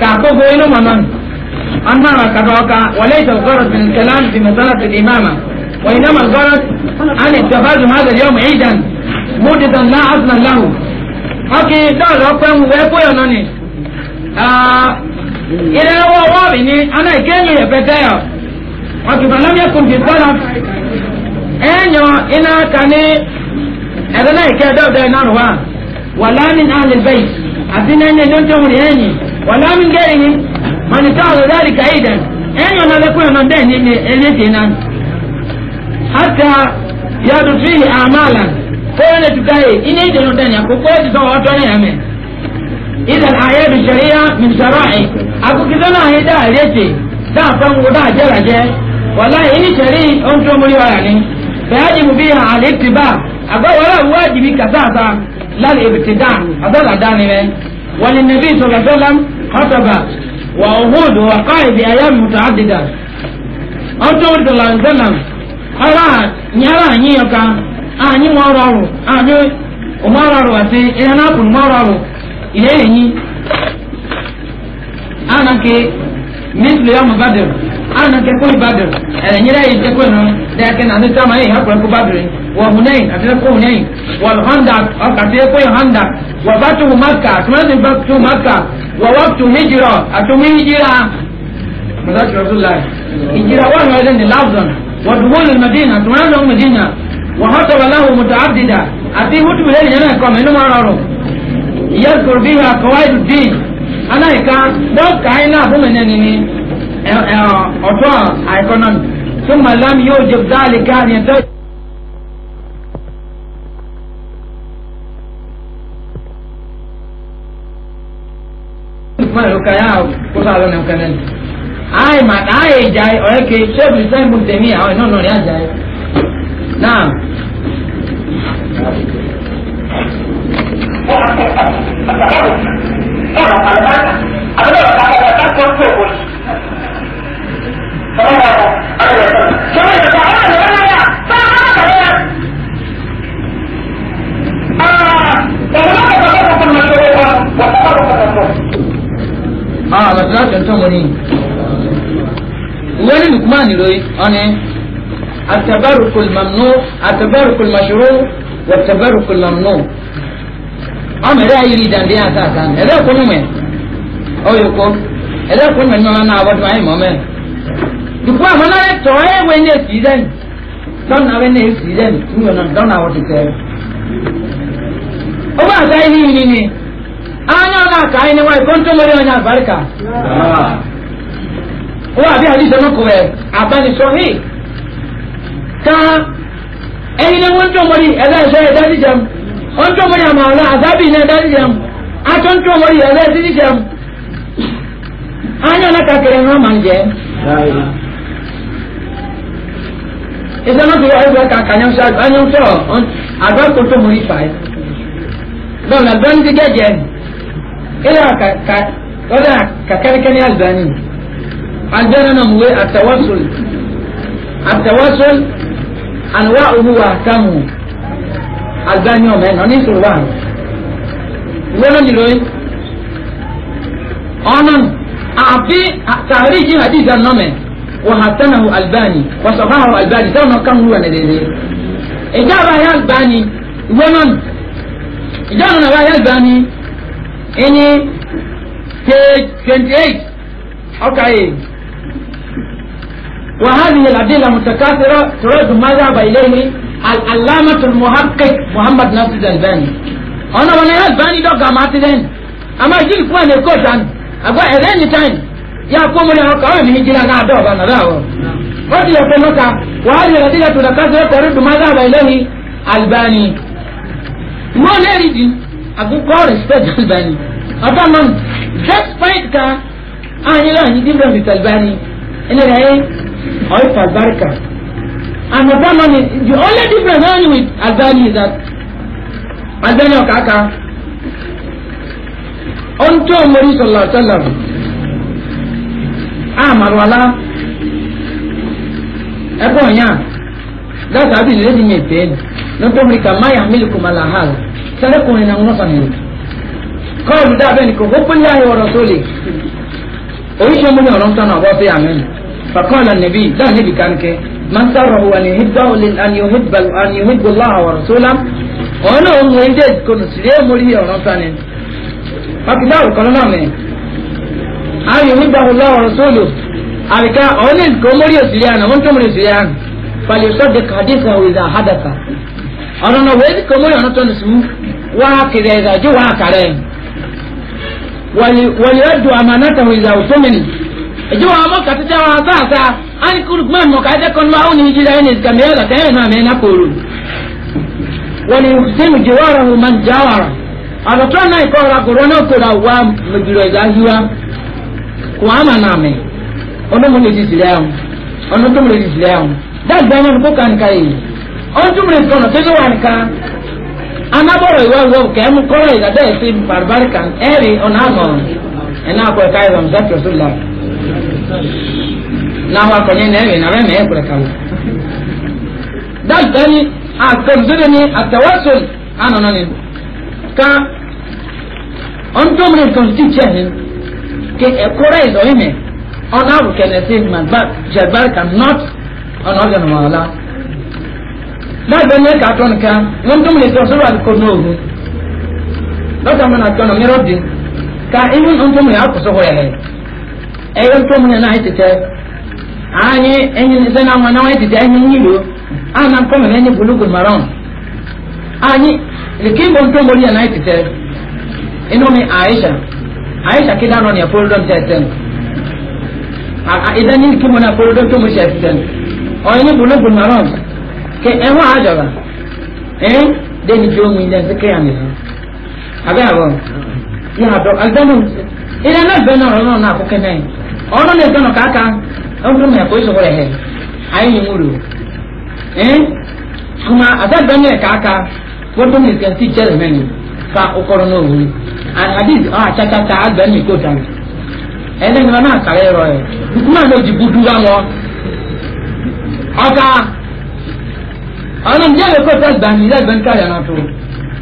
kàkókò inú mọ̀nà ọ̀nà kàkà ọkà wọlé ìjọba kẹlẹ́ àti mẹsàlá ti di ìmáàmà وإنما الغرض أن اتخاذ هذا اليوم عيدا múdìdà náà àdùnà láhùn ok dọ́ọ̀lù ọpẹ́ mu e pé ọ̀nà ni ilé ẹwọ́ wọ́ọ̀rì ni aná ìkéyìn ìrẹ̀pẹ̀tẹ́ ọ̀ ọkì bàlámi ẹkùn fi sọ́la ẹ̀yọ iná ka ní ẹ̀rọ náà ìkẹ́ dọ́ọ̀dọ́ iná rọ̀ wá wàlámi náà lè bẹ́yì àti ní ni ẹ̀jọ́ tó ń rìn ẹ̀yìn wàlámi gẹ́yìn mọ̀nìtọ́ ọ̀rọ̀ láàrín kàídẹ̀ ẹ̀yọ náà lẹ́kùn ẹ̀nà bẹ́ẹ̀ ní ẹ̀lẹ́sìn náà Hata ya dufi amalan. kowa ne tuka ye ina yi jelo danya ko kowa ti sɔn o tɔ ne yɛ mɛ idan a yɛ bi sariya min sara ye a ko kisɛ na ye daa yɛrɛ ce daa fɛn ko daa jɛ lajɛ wala ini sari o tɔ mori wa yanni bɛɛ jibu bi yan ale ti ba a ko wala waajibi ka taa sa lali ibi ti daa a bɛ la daa ni mɛ wali nabi sɔlɔ sɔlɔ kɔtɔba wa ohud wa kaayi bi a yɛ muta adida o tɔ wuli sɔlɔ nyara anyi kan. na-apụ ana ààyè wọn ọrọ ọrùn ààyè ọmọ ọrọ ọrùn àti ìyànà àpòlù mọ ọrọ ọrùn ìyẹn èyí ànàkè mísìlì ọmọ bàdìrì ànàkè kó ìbàdìrì ẹ̀yìnlẹ̀ wa jẹ́ pẹ̀lú dẹ́kẹ́ náà ní sáà máa yìí wa ẹ̀kọ́ bàdìrì wọ́n hùnẹ́yìn àti ẹ̀kọ́ hùnẹ́yìn wọ́n hàndà àti ẹ̀kọ́ yìí hàndà wọ́n bá tó màkà àtúmọ̀tì bá tó màkà wọ́n wá tó hìjìrọ̀ àtúmọ̀ hìjìrà mọ̀tàkì rọ̀tún láì hìjìrà wọ́n rọ̀ وحسب له متعددا أتي مت بلين هنا كم هنا ما نرو يذكر فيها قواعد الدين أنا إكا دوك كاينا هم نيني أطوى أيكونون ثم لم يوجب ذلك أن يتوجب Ai, mas ai, já, olha que chefe de São Paulo tem minha, olha, não, não, já, já. Não. التبرك الممنوع التبرك المشروع والتبرك الممنوع أما لا يريد أن يأتاكا إذا كنوا من أو يكون إذا كنوا من من أعبد معي مؤمن dukwa mana ne tɔɔye wɛ ne sidan dɔn na bɛ ne sidan tun yɛ na dɔn na wɔti tɛ o b'a ka yi ni ni an y'a ka ka yi ni wa kɔntɔ mɔri yɛ na barika o b'a bi hali sɛnɛ kɔbɛ a ba ni sɔhi kaa ehina wonto mori ebe so e dadi jam onto mori amala azabi ne dadi jam atonto mori ebe dadi jam anyo na kakere ha manje esa no tuwa ebe ka kanyo sa anyo so adwa koto mori pai don na don di geje ila ka ka oda ka kare kare albani albani na muwe atawasul atawasul anwa'uhu wa ahkamuhu agbani ọmọ ẹnà nísòro wà lọ́nà nílò yìí ọ̀nà àfi tàríjì hadith anọ́mẹ̀ wà hasanahu albani wà sọ̀háhu albani sọ̀nà kàmúrú wà nìdèdè ìjà àbáyé albani lọ́nà ìjà ànà àbáyé albani ẹni page twenty eight ọkà yìí. وهذه الأدلة متكاثرة ترد مذهب إليه العلامة المحقق محمد ناصر الألباني أنا وأنا الألباني دوك أما تدين أما جيل كوان يكوشان أقوى إلين تاين يا قوم لي أقوى من هجيلا نعدوك أنا داو قد يقولك وهذه الأدلة متكاثرة ترد مذهب إليه الألباني ما نريد أقول قول استاذ الألباني أطمن despite ka أنا لا أني دي الألباني إن الهي or if Albarka. And the problem the only difference only with Azani is that Azani Okaka, onto Omori Sallallahu Alaihi Wasallam, ah, Marwala, ẹgbọ́n yá dáàtà bí lè dìnyẹ pé lọ́tọ́ mi kà máyà mílíkù màlá hàl sẹ́lẹ̀kùnrin náà wọ́n sàn yìí kọ́ọ̀lù dáàbẹ̀ nìkan ó pínlẹ̀ ayọ̀ ọ̀rọ̀ sólè oríṣi ọmọdé ọ̀rọ̀ ń tọ́nà ọ̀bọ̀ sí àmì. فقال النبي ده نبي كان كي من سره أن يحب أن يحب أن يحب الله ورسوله أنا هم ويندد كن سليه مريه ونصانين فكدار قالوا نعم أن يحبه الله ورسوله أبكا أولين كمريه سليان وانت مريه سليان فليصدق حديثه إذا حدث أنا نويد كمريه ونصان اسمه وهكذا إذا جو هكذا وليؤدوا أمانته إذا أتمنت ejo wa mo katete wa sasa ani kuru kuma mo ka de kon ma oni jira ni zga me la tayo na me na koru wani yusimu jiwarahu man jawara ala to na ko ra ko rono ko ra wa mo biro za hiwa ko ama na me ono mo ni di zira ono to mo ni zira da da na ko kan kai e. ono to mo ni kono te wa ka anaboro iwa wo ke mu e ko ra da de sin barbar kan eri onamo ena ko kai ram zakra sallallahu n'ahụ akọnye na-ewe na rema ekwere ka dagda ni akọzire ni atawasul anọ nọ ni ka ọntọmri nkọnti chehin ke ekora ịzọ ime ọ na-abụ kenesi jagbar ka not ọ na ọbịa n'ụwa dagda ni ka atọ nka ọntọmri nkọnsọrọ akụkọ n'ohu dọkịta mmadụ atọ na mmerọ dị ka ihu ọntọmri akwụsọ hụ ya eyo to mun na hitete ani enyi ni sana mwana wa hitete enyi nyiro ana kome enyi bulugu maron ani likimbo to mun na hitete ino mi aisha aisha kida no ne polo don teten a idan ni kimbo na polo don to mun teten o enyi bulugu maron ke enwa ajaba eh deni jomi ndan sekeyani aga abo ya do aldanu ina na bena ro na ko kenai ọ̀nà lè gbọ́nà káàkà ọ̀gbọ́n mi àkóyè sọ̀rọ̀ ẹ̀hẹ́ ayé ni mo rò ẹ́ kuma àtàgbọ́n yẹn káàkà wọ́n tó mi kẹ́ ti jẹ́rẹ̀ mẹ́ni fa ọkọ̀rọ̀ náà wò ni àdìs ọ̀ àtàtàtà àgbẹ̀ni ìkó tán ẹlẹ́ni wọn náà kàrẹ́ rọ ẹ̀ kuma ló di budu wa wọn ọ̀ka ọ̀nà ìjẹ́rẹ̀ kó tẹ́ gbani lẹ́gbẹ̀ẹ́ káyọ̀ náà tó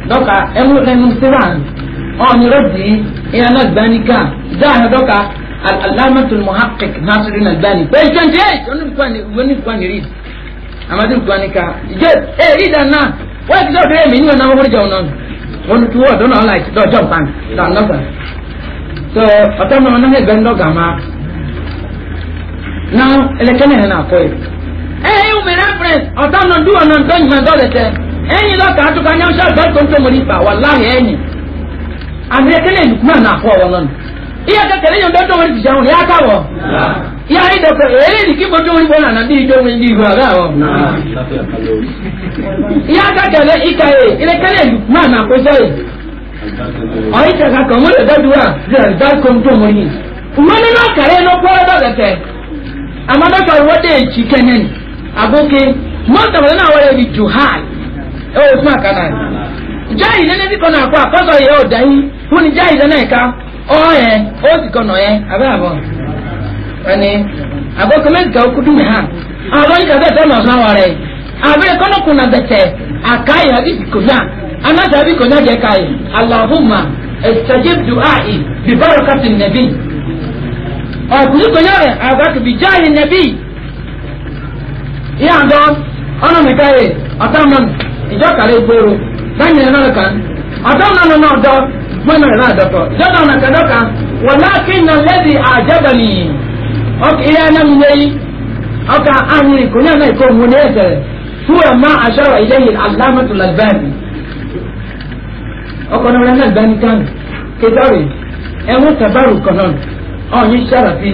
dọ́ka ẹnu ẹnu síra ọ̀nì rẹ̀ dì í ìyànà gbani ká dáhùn dọ́ka العلامة المحقق ناصر بن الباني بيشان جيش ونبقاني ريد أما تبقاني كا جد إيه إذا نا ويك دو دو يمين ونا مخرجة ونان ونطوة دو نعلا دو جمب تان دان نصر so ọtọ mọ ọnà ẹgbẹ ndọ gàmà náà ẹlẹkẹni hẹn náà kọ yìí. ẹ ẹ ìwé rẹpẹrẹs ọtọ mọ ndúwọ náà ntọ nyìmọ ndọ lẹsẹ ẹyìn lọkà àtúkọ anyamṣẹ àgbà tó ń tó mọ nípa wàláhì ẹyìn àti ẹkẹni ẹnìkúmọ náà kọ wọn lọnà iya ka kare yon dodo wani bijan ya ka wo iya ai da kare ni kibo to wani bona na bi do wani bi ba ga wo iya ka kare ikaye ile kare ma na ko sai ai ta ka komo da dadua da da kom to moni kuma na na kare no ko da da te amma da ka wode ci kenen aboke mon ta na wale di juhai o oh, kuma kana jai ne ne bi kona kwa ko oh, so dai hun jai ne ka ɔyɛ ɔsikɔ nɔyɛ abɛɛbɔ ɛni agbɔkɔ mɛsika okudu mi ha alɔyi abɛ tɛ nɔsɔ awɔrɛ abɛ kɔnɔkun na bɛtɛ akayi abi konya anasa abi konya jɛ kayi alahuma estajib du'a'i bi barakati nabi ɔkuli konya rɛ abaki bi jaayi nabi iya dɔn ɔnɔ mi kayi ɔtɔn nɔn ìjɔ kari gboro sanyi nɔnɔ kan ɔtɔn nɔnɔ nɔ dɔn mana na dɔtɔ jɔna na ka dɔ kan walakin na lɛbi a jaba mi ɔk iya na mi yɛ yi ɔka an yi ko ne na ko mun ne fɛ huwa ma a shara ilayi alamatu lalbani ɔkɔ na wɛrɛ lalbani kan kedɔri ɛwɔ tabaru kɔnɔn ɔn yi sharafi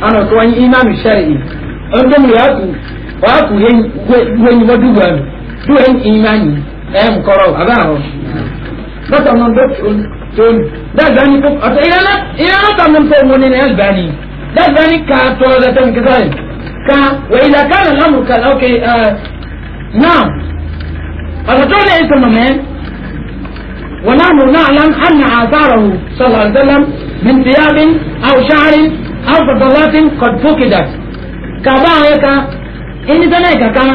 ɔn ko wani imanu shari'i ɔn dɛmu ya ku wa ku yɛ wɛnyi imani ɛn kɔrɔ a b'a rɔ. tun da zani ko ata ina na ina na ta mun sai mun ne albani da zani ka to da tan ka zani ka wa ila kana al-amru kal okay na'am ata to ne ita mamme wa nahnu na'lam anna azarahu sallallahu alaihi wasallam min thiyabin aw sha'rin aw fadalatin qad fukidat ka ba ka ini tana ka ka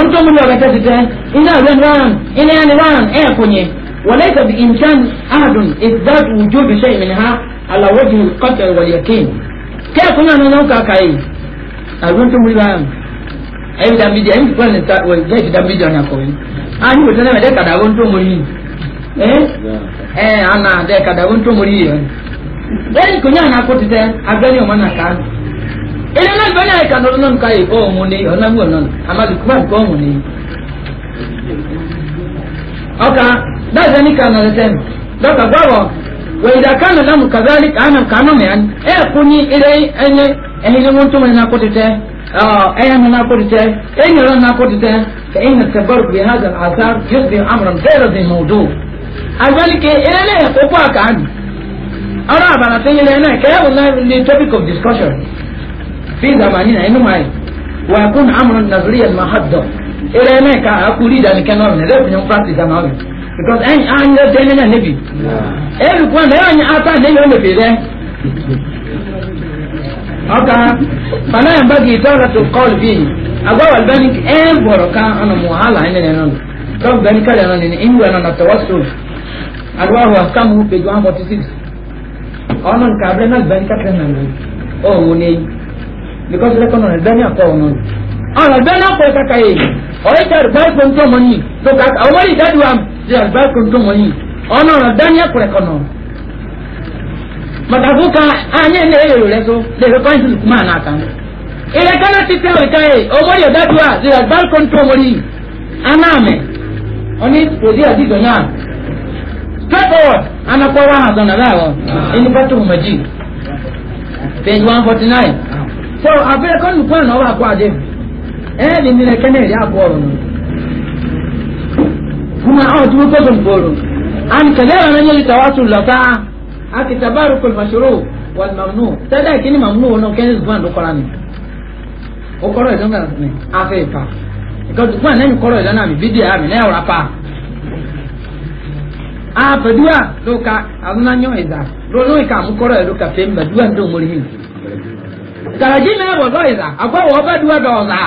on to mun da ta ta ina ran ina ni ran e kunye وليس بإمكان أحد إثبات وجود شيء منها على وجه القطع واليقين كيف أنا نوكا كاي أظن تمريبا أي دامبيدي أي أنا أنا قلت أنا أظن إيه إيه أنا أظن kò ní àná agbẹ́ni ọmọ náà ká ilé náà àyíká ká yìí ọ̀hún ní ọ̀nàmú ọ̀nà àmàlùkù لا زني كان لتن ده كبابا وإذا كان الأمر كذلك أنا كانوا يعني إيه كوني إلي إلي إيه لمنتم آه، إيه هنا كنت أين هنا كنت أين هنا كنت فإن التبرك بهذا الآثار يصبح أمرا غير ذي موضوع أذلك إلي أقوى كان أرى أنا تيجي لهنا كيف والله the topic of discussion في زماننا إنه معي ويكون أمرا نظريا محضا إلي هناك أقولي ده اللي كان أمنا ده في يوم براتي because any ẹn an yẹ dẹni náà níbi they kwan náà yẹn ata ní yẹn níbi dẹ ọkà fanáyà bagi ìtọ́ra tó kọ́ọ̀lù bíi agbára albani ẹ bọ̀rọ̀ ká ọ̀nà muhala ẹ̀ nínú ẹ̀nà tọ́pù bẹ́ni kálí ẹ̀nà nínú ìwé ẹ̀nà tọ́wọ́sọ adúláwọ̀ akámu page one forty six ọ̀nà nkà abẹ́rẹ́ náà bẹ́ni kálí ẹ̀nà nínú ọ̀hún ní because lẹ́kọ̀ọ́ náà bẹ́ni àkọ́ ọ̀nà nínú ana dana ko ka kai oi ka ba ko to moni to ka o mari da duam ya ba ko to moni ona na danya ko ko no mata buka anye ne le le so le ko kan kuma na kan ile kana ti te o kai o mari da dua ya ba ko to moni ana me oni to dia di donya straight forward ana ko wa na dona dawo ini patu maji page one forty nine. so abele kon ko na wa ko ade ẹ̀ẹ́dì nílẹ̀ na ìdí àbọ̀ ọ̀rọ̀ nù. na awa dúró kọ́sùn gbòòrò àni kẹ̀lẹ́ ẹ̀rọ ẹ̀yẹ́ lè tàwa tù lọ́tà wà tẹ́lẹ̀ kí ni wọn náà kẹ́ni zuban ló kọ́ra ni ó kọ́rọ̀ ìdánwò ni afẹ́ ìpa ìkọ́jú zuban náà mi kọ́rọ̀ mi bídìí àmì náà wà pa a baduwa do ka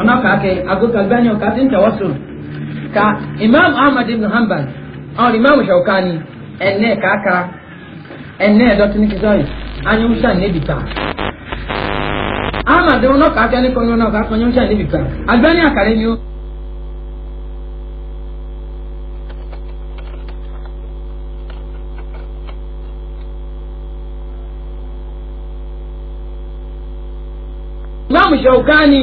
ona ka ke ago kalbani ka tin tawassul ka imam ahmad ibn hanbal or imam shawkani enne ka ka enne do tin ki zoi anyu sha ne bi ta ahmad ona ka ke ni ko ka ko sha ne bi ta albani akare ni imam shawkani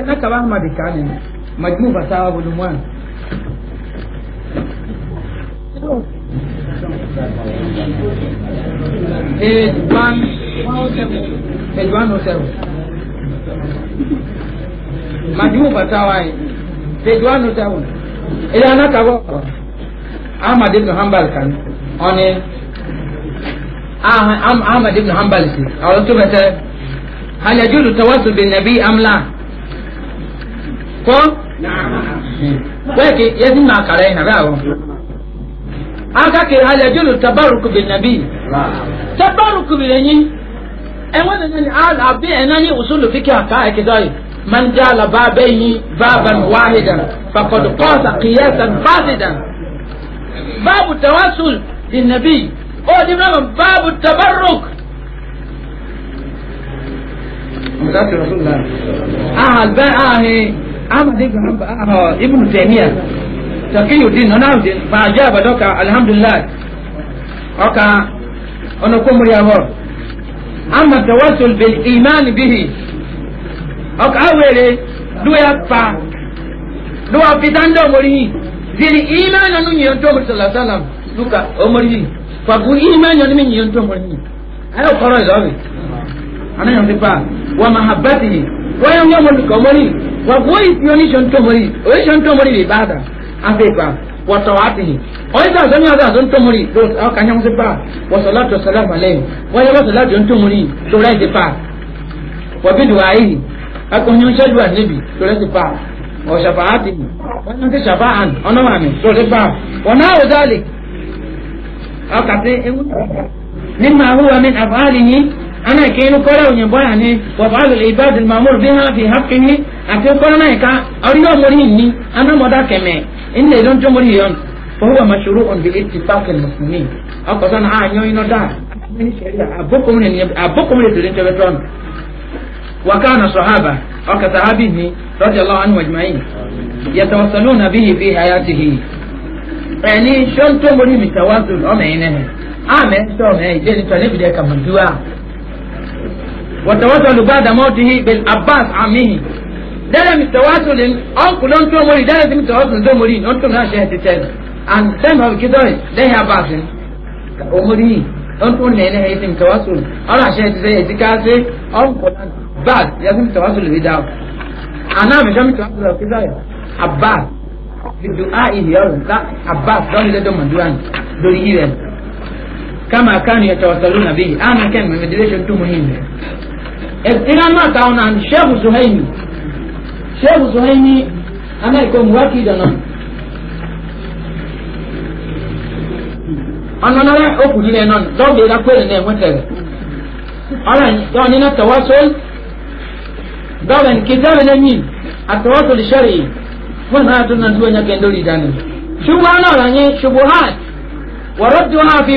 ẹ̀ka bá hàn bìkà ni màjúmù bàtà wà bọ̀dùn wọn. page one one oh seven page one oh seven màjúmù bàtà wà yìí page one oh seven ẹ̀yà anákàwọ̀ ahmad ibn hanbal kan ọ̀ni ah, ahmad ibn hanbal sí àwọn tó bẹ̀ tẹ́ hàn yàjú lu tawásù bí nàbí ko weki yezi ma kare na rawo aka ke hal yajulu tabarruku bin nabi tabarruku bin yin en wannan ne al abi enani usul fiqh ka ke dai man jala babayhi baban wahidan faqad qasa qiyasan fasidan babu tawassul bin nabi o di babu tabarruk ahal bẹ́ẹ̀ ahin ahmad ibn ah, ah, taymiya takiyuddin onawudin fa ajaba doka alhamdulillah oka ono komuri abo amma tawassul bil iman bihi oka awere duya pa duwa fitando mori zili iman anu nyi onto mori sallallahu alaihi wasallam duka omori fa bu iman anu nyi onto mori ayo koro zawi anayo ndipa wa mahabbatihi wa yawmul kamali wagoyi yoni shonto mori oyi shonto mori bi bada afepa watawatihi oyi sa sami ada shonto mori do akanya mse pa wa salatu salam alayhi wa ya salatu shonto mori do rai de pa wa bi duai akonyo shadu anabi do rai de pa wa shafaati wa nke ni do huwa min afalihi ana kenu kora onye boya ni wa ba'dul ibad al ma'mur biha fi haqqihi ati kora na ka ariyo mori ni ana moda keme inne don to mori yon fa huwa mashru'un bil ittifaq al muslimin ako sana a nyoy no da ni sharia aboko mun ni aboko mun de tebe ton wa kana sahaba wa ka sahabi ni radiyallahu anhu ajma'in yatawassaluna bihi fi hayatihi yani shon to mori mitawassul o me ne a me so me je ni to ne bi de kamanduwa وتواصلوا بعد موته بالعباس عمه دايما التواصل انكل انتم مولي دايما التواصل دو مولين انتم ناس هتتن عن سامها كده ده عباس عمري انتم نينا هيتم التواصل انا عشان زي اتكاسي انكل بعد لازم التواصل الهداوه انا مش عم التواصل كده عباس بالدعاء يرون لا عباس دون لدو من دوان دول يرن كما كانوا يتواصلون به انا كان من مدرسه انتم مهمه ina ma ka ona shehu suhaimi shehu suhaimi ana iko muwaki dana ana na re oku ile non do be la kwere na enwete ala do ni na tawasul do ben kitabe na ni atawasul shari mun ha tun nan duwanya kendo li dani shubhana la ni shubuhat wa radduha fi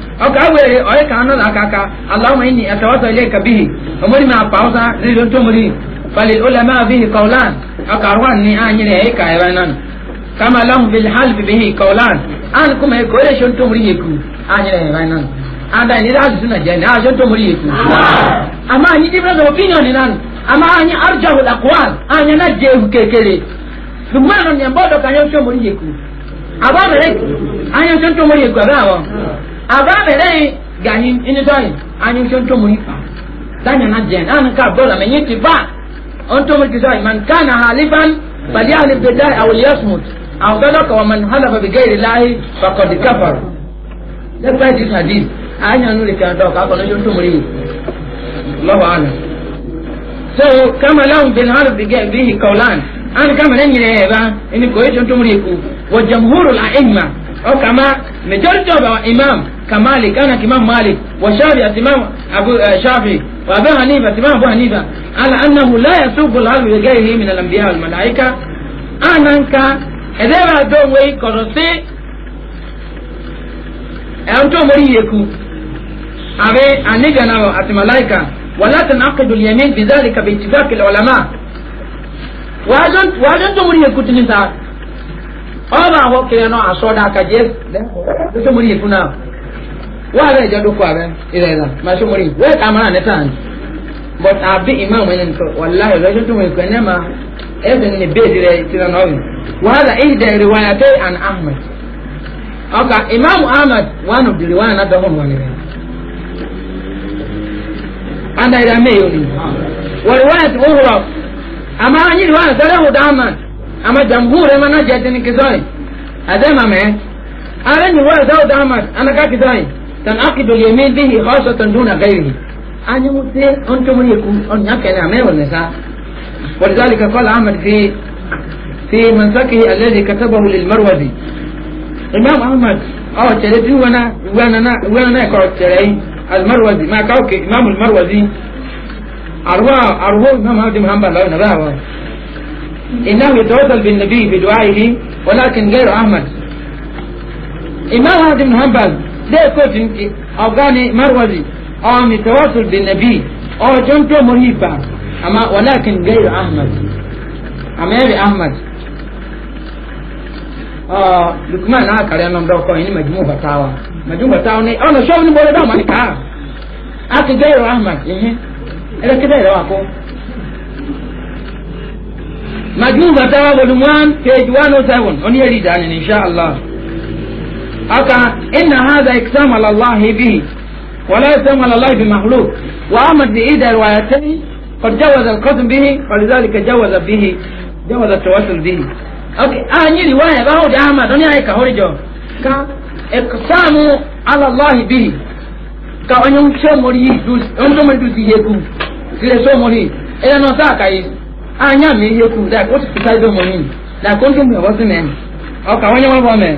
ọkà awere ọyẹ kan nọ n'akaka aláwọ ẹni ẹtọwọsọ ilé kabihi ọmọdé máa pa ọsán nílùú ntòmọdé falẹ ọlẹmọ abihi kọlan ọkà arwan ni anyinẹ ẹyẹ ká ẹwà nánu kama lahun fi hal bibihi kọlan an kuma ẹkọ ẹlẹ ṣe ntòmọdé yẹ kú anyinẹ ẹwà nánu ada ni láti sún àjẹ ni àjọ ntòmọdé yẹ kú. àmọ anyi difference of opinion ni nánu àmọ anyi arjahul akwal anyi náà jẹ ehu kékeré ṣùgbọ́n àwọn ènìyàn bọ́ọ̀dọ̀ kan yẹn ntòmọdé yẹ kú àbọ̀ mẹ́rẹ́ anyi ntòmọdé abamere gahi ini dɔyi anyi nso ntomori fa danya na jɛn an ka bɔra mɛ nyi ti ba ntomori ti sɔyi man kana halifan bali ali bedai awuli yasmut aw bɛlɛ ka wa man halafa bi gairi lahi fakɔdi kafar that's why this hadith a yà nu le kɛra dɔw k'a kɔnɔ ntomori lɔbɔ ala so kama lahun bin halafa bi gairi bihi kawlan an kama ne nyina yɛ ba ini koyi ntomori ku wa jamhurul a'imma o kama majority of our imam كمالك أنا كإمام مالك وشافعي إمام أبو شافعي وأبو حنيفة إمام أبو حنيفة على أنه لا يسوق العلم لغيره من الأنبياء والملائكة أنا انك إذا ما وي كرسي أنتم مريكو أبي أنيجا نو أتملايكا ولا تنعقد اليمين بذلك باتفاق العلماء وأجن وأجن تمريكو تنسى أنا هو كيانو أصودا كجيس ده تمريكو نعم wàhálà ìjọ dúkọ abẹ ilẹ̀ ìlà màṣọmọrin wẹ́ẹ̀ kà máa nẹ́tà ni but àbí imam ẹni nìkan wàláhì lọ́jọ́ tó mọ̀ nǹkan ẹ̀ máa ẹ̀sìn ní bẹ́ẹ̀dì rẹ̀ ti rẹ̀ nọ́ọ̀rì wàhálà èyí dẹ̀ rìwáyà tẹ́ àn ahmed ọkà imam ahmed one of the rìwáyà náà dọ́gbọ̀n wọn rẹ̀ anda ìdá mẹ́yọ̀ ni wọ́n rìwáyà tó wúrọ̀ àmà anyi rìwáyà sọ́dọ̀ wò dá ahmed àmà jàmbú rẹ̀ máa náà jẹ́ tẹ́ni kìsọ́yì àdé màmẹ́ àrẹ́ ni rìwáyà sọ́dọ̀ ahmed anaka kìsọ́yì. تنعقد اليمين به خاصة دون غيره أن يمتين أنتم ليكم أن يكن أمام النساء ولذلك قال عمل في في منسكه الذي كتبه للمروزي إمام أحمد أو آه، تلفي وانا وانا وانا وانا كرت تلاي المروزي ما كوك إمام المروزي أروى أروى إمام أحمد محمد الله لا نبأه إنه يتوصل بالنبي بدعائه ولكن غير أحمد إمام أحمد بن حنبل dee kootin ki afgaani marwazi oo mi tawasul binabi oo oh, jonto muhiba ama walakin gayru ahmad ama yebi ahmad ah, lukman a ah, kare nom do ko ini majmu fatawa majmu fatawa ni ono oh, show ni bole do man ka ati ah, gayru ahmad ehe era kida era ko majmu fatawa volume 1 page 107 oni yeri dan insha Allah aka inna hadha iksam ala Allah bihi wa la iksam ala Allah bi makhluq wa amad bi ida riwayatayn qad jawaza al-qasm bihi wa lidhalika jawaza bihi jawaza tawassul bihi okay anyi riwaya ba hodi ama doni ay ka horijo ka iksam ala Allah ka onyum che mori dus ondo mori dus yeku sile so mori ele no sa kai anya mi yeku da ko ti sai do mori da ko ngi mi wasu men o ka wonya wa men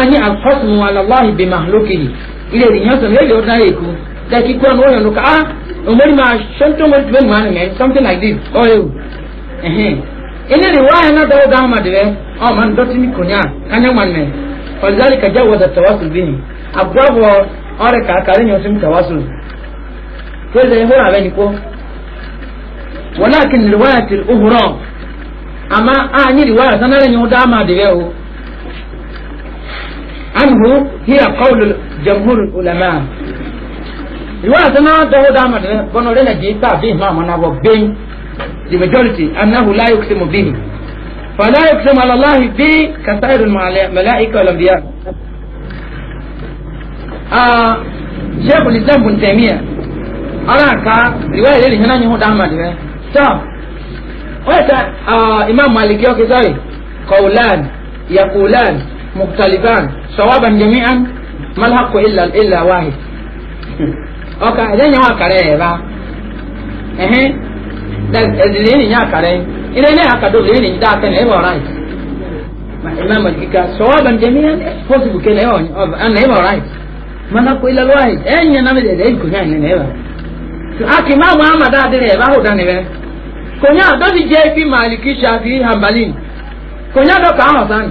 anyi alfasmu ala allahi bi mahlukihi ile ri nyoso le yo na eku da ki kwa no no ka ah umari ma shanto mo tben man me something like this oh eh eh ina riwaya na da ga ma de oh man doti ni kunya kanya man me fadhalika jawaza tawassul bihi abwabo ore ka kare nyoso mi tawassul kweze ho abe ni ko walakin riwayat al-ukhra ama anyi ah, riwaya sanare nyoda ma de o عنه هي قول جمهور العلماء يواز انا ده ده ما بنو جيتا به ما منا وبين the majority أنه لا يقسم به فلا يقسم على الله به كسائر الملائكة والانبياء آه شيخ الاسلام بن تيميه انا كا روايه اللي هنا ني ده ما ده طب مالك يوكي قولان يقولان مختلفان صوابا جميعا ما الحق إلا إلا واحد أوكا إذا نوا كره با إيه ده إذا نوا كره إذا نوا كده إذا نوا ده كان إيه right إمام الكيكا صوابا جميعا possible كده إيه أنا إيه right ما الحق إلا الواحد إيه نعمل إيه إيه كنا إيه aki ma mu ama daa diri ebe ahụ dani be konya dọsi jp maliki shafi hambalin konya dọ ka ahụ sani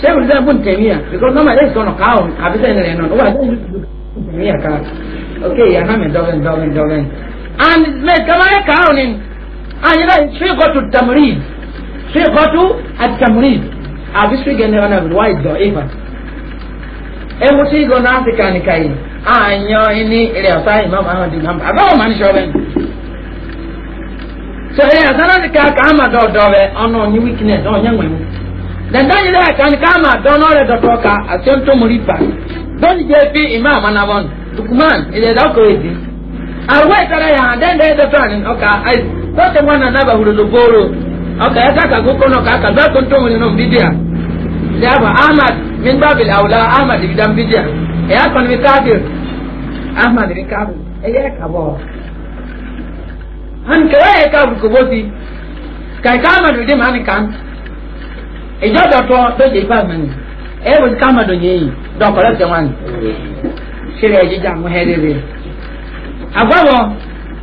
sheikh islam bin taimiya because no normal that's gonna count abisa ẹni rẹ nọ wà lẹ́yìn taimiya ká ok yàrá mi dọ́gbẹ́n dọ́gbẹ́n dọ́gbẹ́n and mẹ kàmáyé count in and yẹn náà ṣe kọ́ tu tamarid ṣe kọ́ tu atamarid àbí ṣe gẹ́ni ọ̀nà àbí wáyé dọ̀ ẹ̀fà ẹ̀ wọ́n ṣe gọ́nà áfíríkà nìkan yìí àyàn ẹni ilẹ̀ ọ̀sá imam ahmed imam àbáwọ̀ máa ń ṣọ́ bẹ́ẹ̀ so ẹ̀ àtàlẹ́ nìkan kàá máa dọ̀ dọ̀ rẹ̀ ọ̀nà ọ̀nyí weakness ọ̀nyẹ́ wẹ̀mú. dandan yi daa kan kama don le dɔtɔ ka a tɛn to mori pa dɔnni je fi ima mana bɔn dukuman ile da ko edi awo tara ya den de de fan oka ai to te wana na ba hulu lo boro oka ya ka go kono ka ka ba kon to mori no bidia ya ba ahmad min babil aula ahmad bidam bidia ya kon mi kafir ahmad bi kafir e ya ka bo ka ya ka ko boti kai kama du man kan ìjọ dọ̀tọ̀ tó jẹ́ ipá mẹ́rin ẹ̀ wọ́n ti ká mọ̀ dọ̀nyẹ́ yìí dọ̀kọ̀rọ̀ tẹ̀ wọn. ṣẹlẹ̀ ẹ̀jíjà mú hẹ́rẹ́ rẹ̀. àgbàwọ̀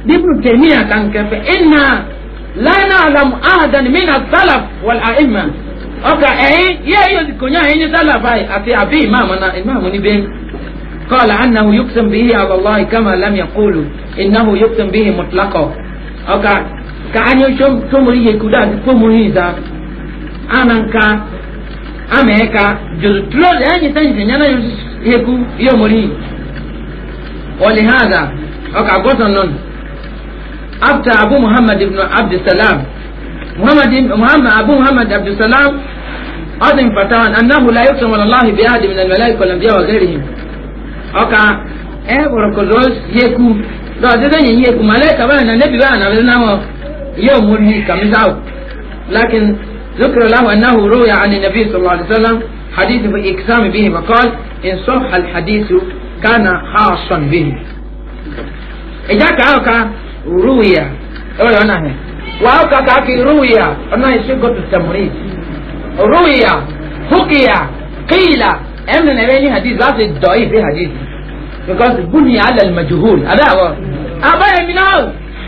bíbù tèmi àkànkẹ́fẹ́ iná lánà àlàmù àdàn mìíràn sálà wọ̀l àìmà ọkà ẹ̀yìn yẹ́ yóò ti kònyà ẹ̀yìn ní sálà báyìí àti àbí ìmáàmù náà ìmáàmù níbẹ̀ قال أنه يقسم به على الله كما لم يقول إنه يقسم به مطلقا أو كأن يشم تمره كدا تمره ذا ananka ameka jozutroli anyi sanyi senyana heku iyo mori ولهذا أوكا قصنا after Abu Muhammad ibn Abdul Salam Muhammad Muhammad Abu Muhammad Abdul Salam عظم فتان أنه لا يقسم على الله بأحد من الملائكة والأنبياء وغيرهم أوكا إيه وركوزوس يكو لو أدرني يكو ملائكة بقى النبي بقى أنا بدنا يوم مرهي كمزاو لكن ذكر له أنه روي عن النبي صلى الله عليه وسلم حديث بإقسام به فقال إن صح الحديث كان خاصا به إذا كأوكا روي أولا أنه وأوكا كأكي روي أنه شقة التمريض روي حكي قيل أمن نبيني حديث لا تدعي الضعيف حديث because بني على المجهول هذا هو أبا يمنعه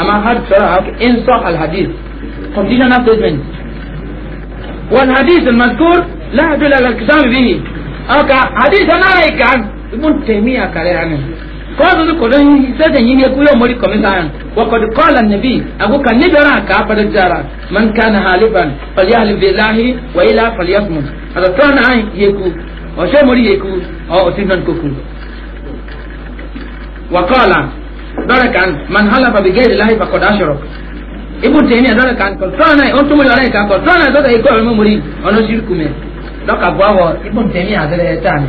أما هاد شرعك إن صح الحديث condition of statement والحديث المذكور لا يدل على الكتاب به أوكا حديث أنا رأيك عن ابن تيمية يعني. قال عنه قالوا لك لن يسدن يني يقول يوم وليكم وقد قال النبي ابو كان نبرا كأبدا الجار من كان حالبا فليحل بالله وإلا فليصمت هذا كان عين يكو وشو مري يكو أو أتنان كوكو وقال dɔre kan man halafa bi gɛri lahi fakɔd asɔrɔ ibu tɛni a dɔre kan kɔtɔn na ye o tumuli ɔrɛ kan kɔtɔn na ye dɔkɛ ikɔ ɔlɔmɔ muri ɔnɔ siri kumɛ dɔka bɔ awɔ ibu tɛni a dɔre tan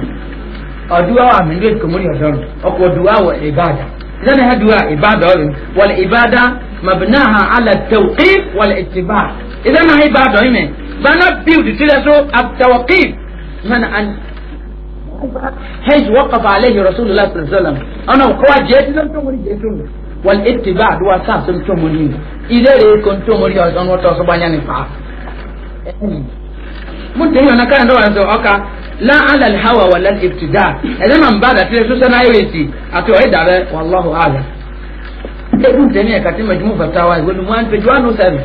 ɔduwa wa mi ndoye kumuli ɔdɔn ɔkɔ duwa wɔ ibada zan ha duwa ibada ɔlɛ wal ibada mabnaha ala tawqif wal ittiba idan ha ibada ɔyɛ bana biw ti so at tawqif mana an hajj waqafa alaihi rasulullah sallallahu alaihi wasallam ana ko je tan to mori je tun wal ittiba duwa sa sun to mori idare kon to mori on wato so banya ni fa mun tayi na kan dawa so aka la ala al hawa wal ibtida idan man bada tire so sana yesi ato ai dare wallahu a'lam e mun tayi ka tima jumu fatawa wal mu an pe juano sabi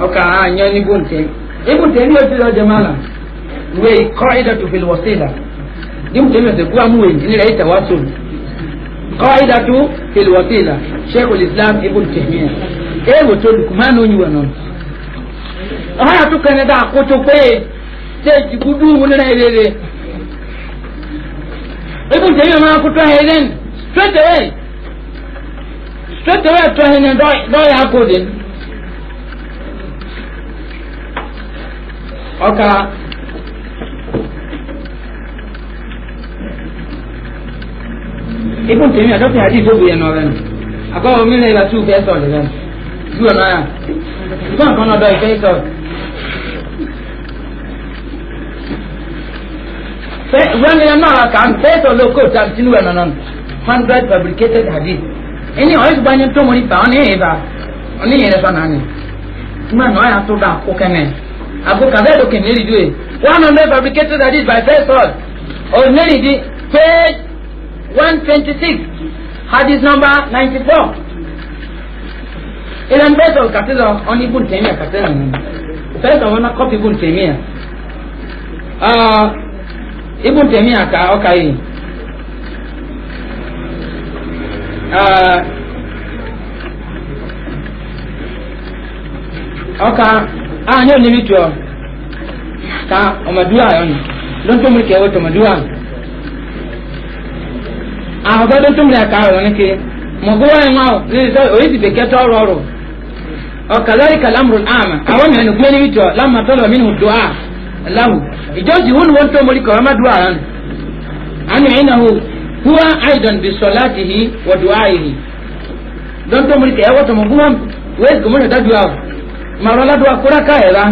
aka anya ni bunte ibunte ni o ti lo jamala we qa'idatu fil wasila ni mtume sikuwa muwe ni laita wasul qa'idatu fil wasila shaykhul islam ibn taymiyyah ewo to kumano nyu wanon haya to kana da ko to pe te gudu mun na ilele ibn taymiyyah ma ko to helen straight away straight away to helen do do ya ko din oka ibn tèmi àdọ́tí àdí ìdóbò yẹn náà lẹ́nu àkọ́wọ́ mi lẹ́yìn àti ìfẹ́ sọ̀ lẹ́nu sí ọ̀nà yà ìgbà nǹkan náà dọ̀ ìfẹ́ sọ̀. wọ́n yẹn náà kà ń fẹ́ sọ̀ lóko tá a ti níwẹ̀ hundred fabricated hadith ẹni ọ̀rẹ́ ti gbanyẹ tó mo ní ta ní ìbá ọ́ ní ìyẹn sọ náà ni náà yà tó dà kó kẹ́nẹ̀ àgbo kàfẹ́ lókè ní ìdíwẹ̀ one fabricated hadith by ọ̀ 126 hadith number 94 ila mbeto ukatiza oni ibn taymiya katena sasa wana copy ibn taymiya ah ibn taymiya ka okay ah oka ah nyo ni vitu ka omadua yoni don't tell me ke omadua ahụgodo tum na ka ọrọ nke mọgụwa ya nwawo n'ịsọ oyizi bekee tọọ ọrụ ọrụ ọkazari kalamrun ama awon ya nukme ni ito lamma tọlọ min hu du'a lahu ijosi hun won to mori kọrọ ma du'a ran an yi na hu huwa aidan bi solatihi wa du'aihi don to mori ka yawo to mo huwa wes gumo da du'a ma rola du'a kura ka era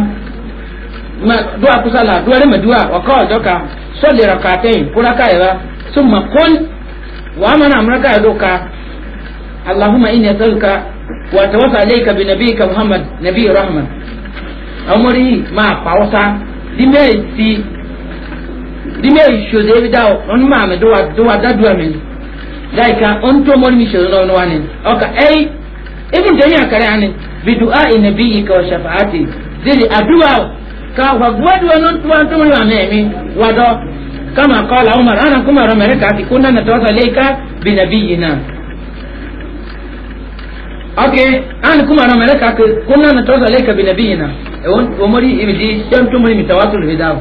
ma du'a kusala du'a le ma du'a wa ka joka solli rakatain kura ka era summa kun وأمن أمرك أدوك اللهم إني أسألك وأتوسع إليك بنبيك محمد نبي رحمة أمري ما فاوسع دمي تي دمي شو زي بداو أن ما مدوا دوا دادوا من ذلك أنتو مولي مشهد الله نوانين أوكا أي ابن جميع كريانين بدعاء نبيك وشفاعتي ذي أدوا ka wagwadwa non tuwa ntumuli wa memi wado كما قال عمر ana kuma romere kati kuna na tawasa leka binabiyina okay ana kuma romere kati kuna na tawasa leka binabiyina omori imidi shan tumuri mitawasul hidaw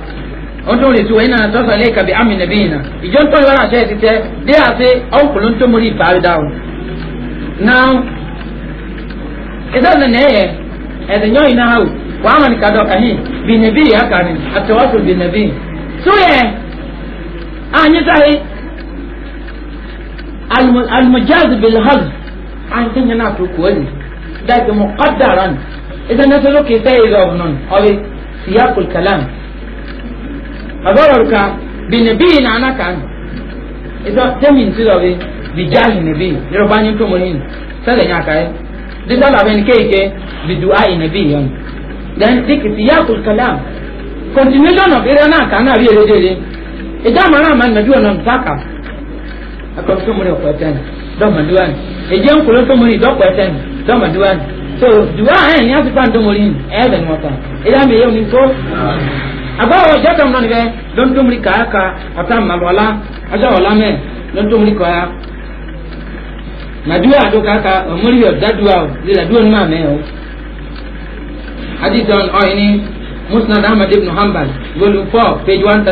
onto le tuwa ina na tawasa leka bi ammi nabiyina ijon to wala shay tite de ase on kulun tumuri paal daw now idan ne edan yoy na hawo wa man kadoka hi binabi hakani atawassul binabi so yeah أني تهي المجاز بالهز عن كن يناتو كوالي ذاك مقدرا إذا نسلو كي تهي غابنون أو سياق الكلام أدورك بنبي أنا كان إذا تمين سيدو بجاه نبي يرباني تومرين سلين يا كاي دي سالا بين كيكي بدعاء نبي يعني then take سياق الكلام continuation of إيرانا كان أبي رجلي ɛgya ama na ama nnadu ɔnam zaka akɔm so mori ɔkɔ ɛtɛn dɔma duwan ɛgya nkolo so mori dɔkɔ ɛtɛn dɔma so duwa a ɛn yasi pan domori yin ɛyɛ bɛ nuwa pan ɛgya mi yɛ oni so agbawo ɔjɔ tɔm nɔni bɛ lɔntomori kaa ka ɔtam malɔla ɔjɔ ɔla mɛ lɔntomori kɔya naduwa ado kaka ɔmori yɔ daduwa o lila duwa numu amɛ o hadith volume four page one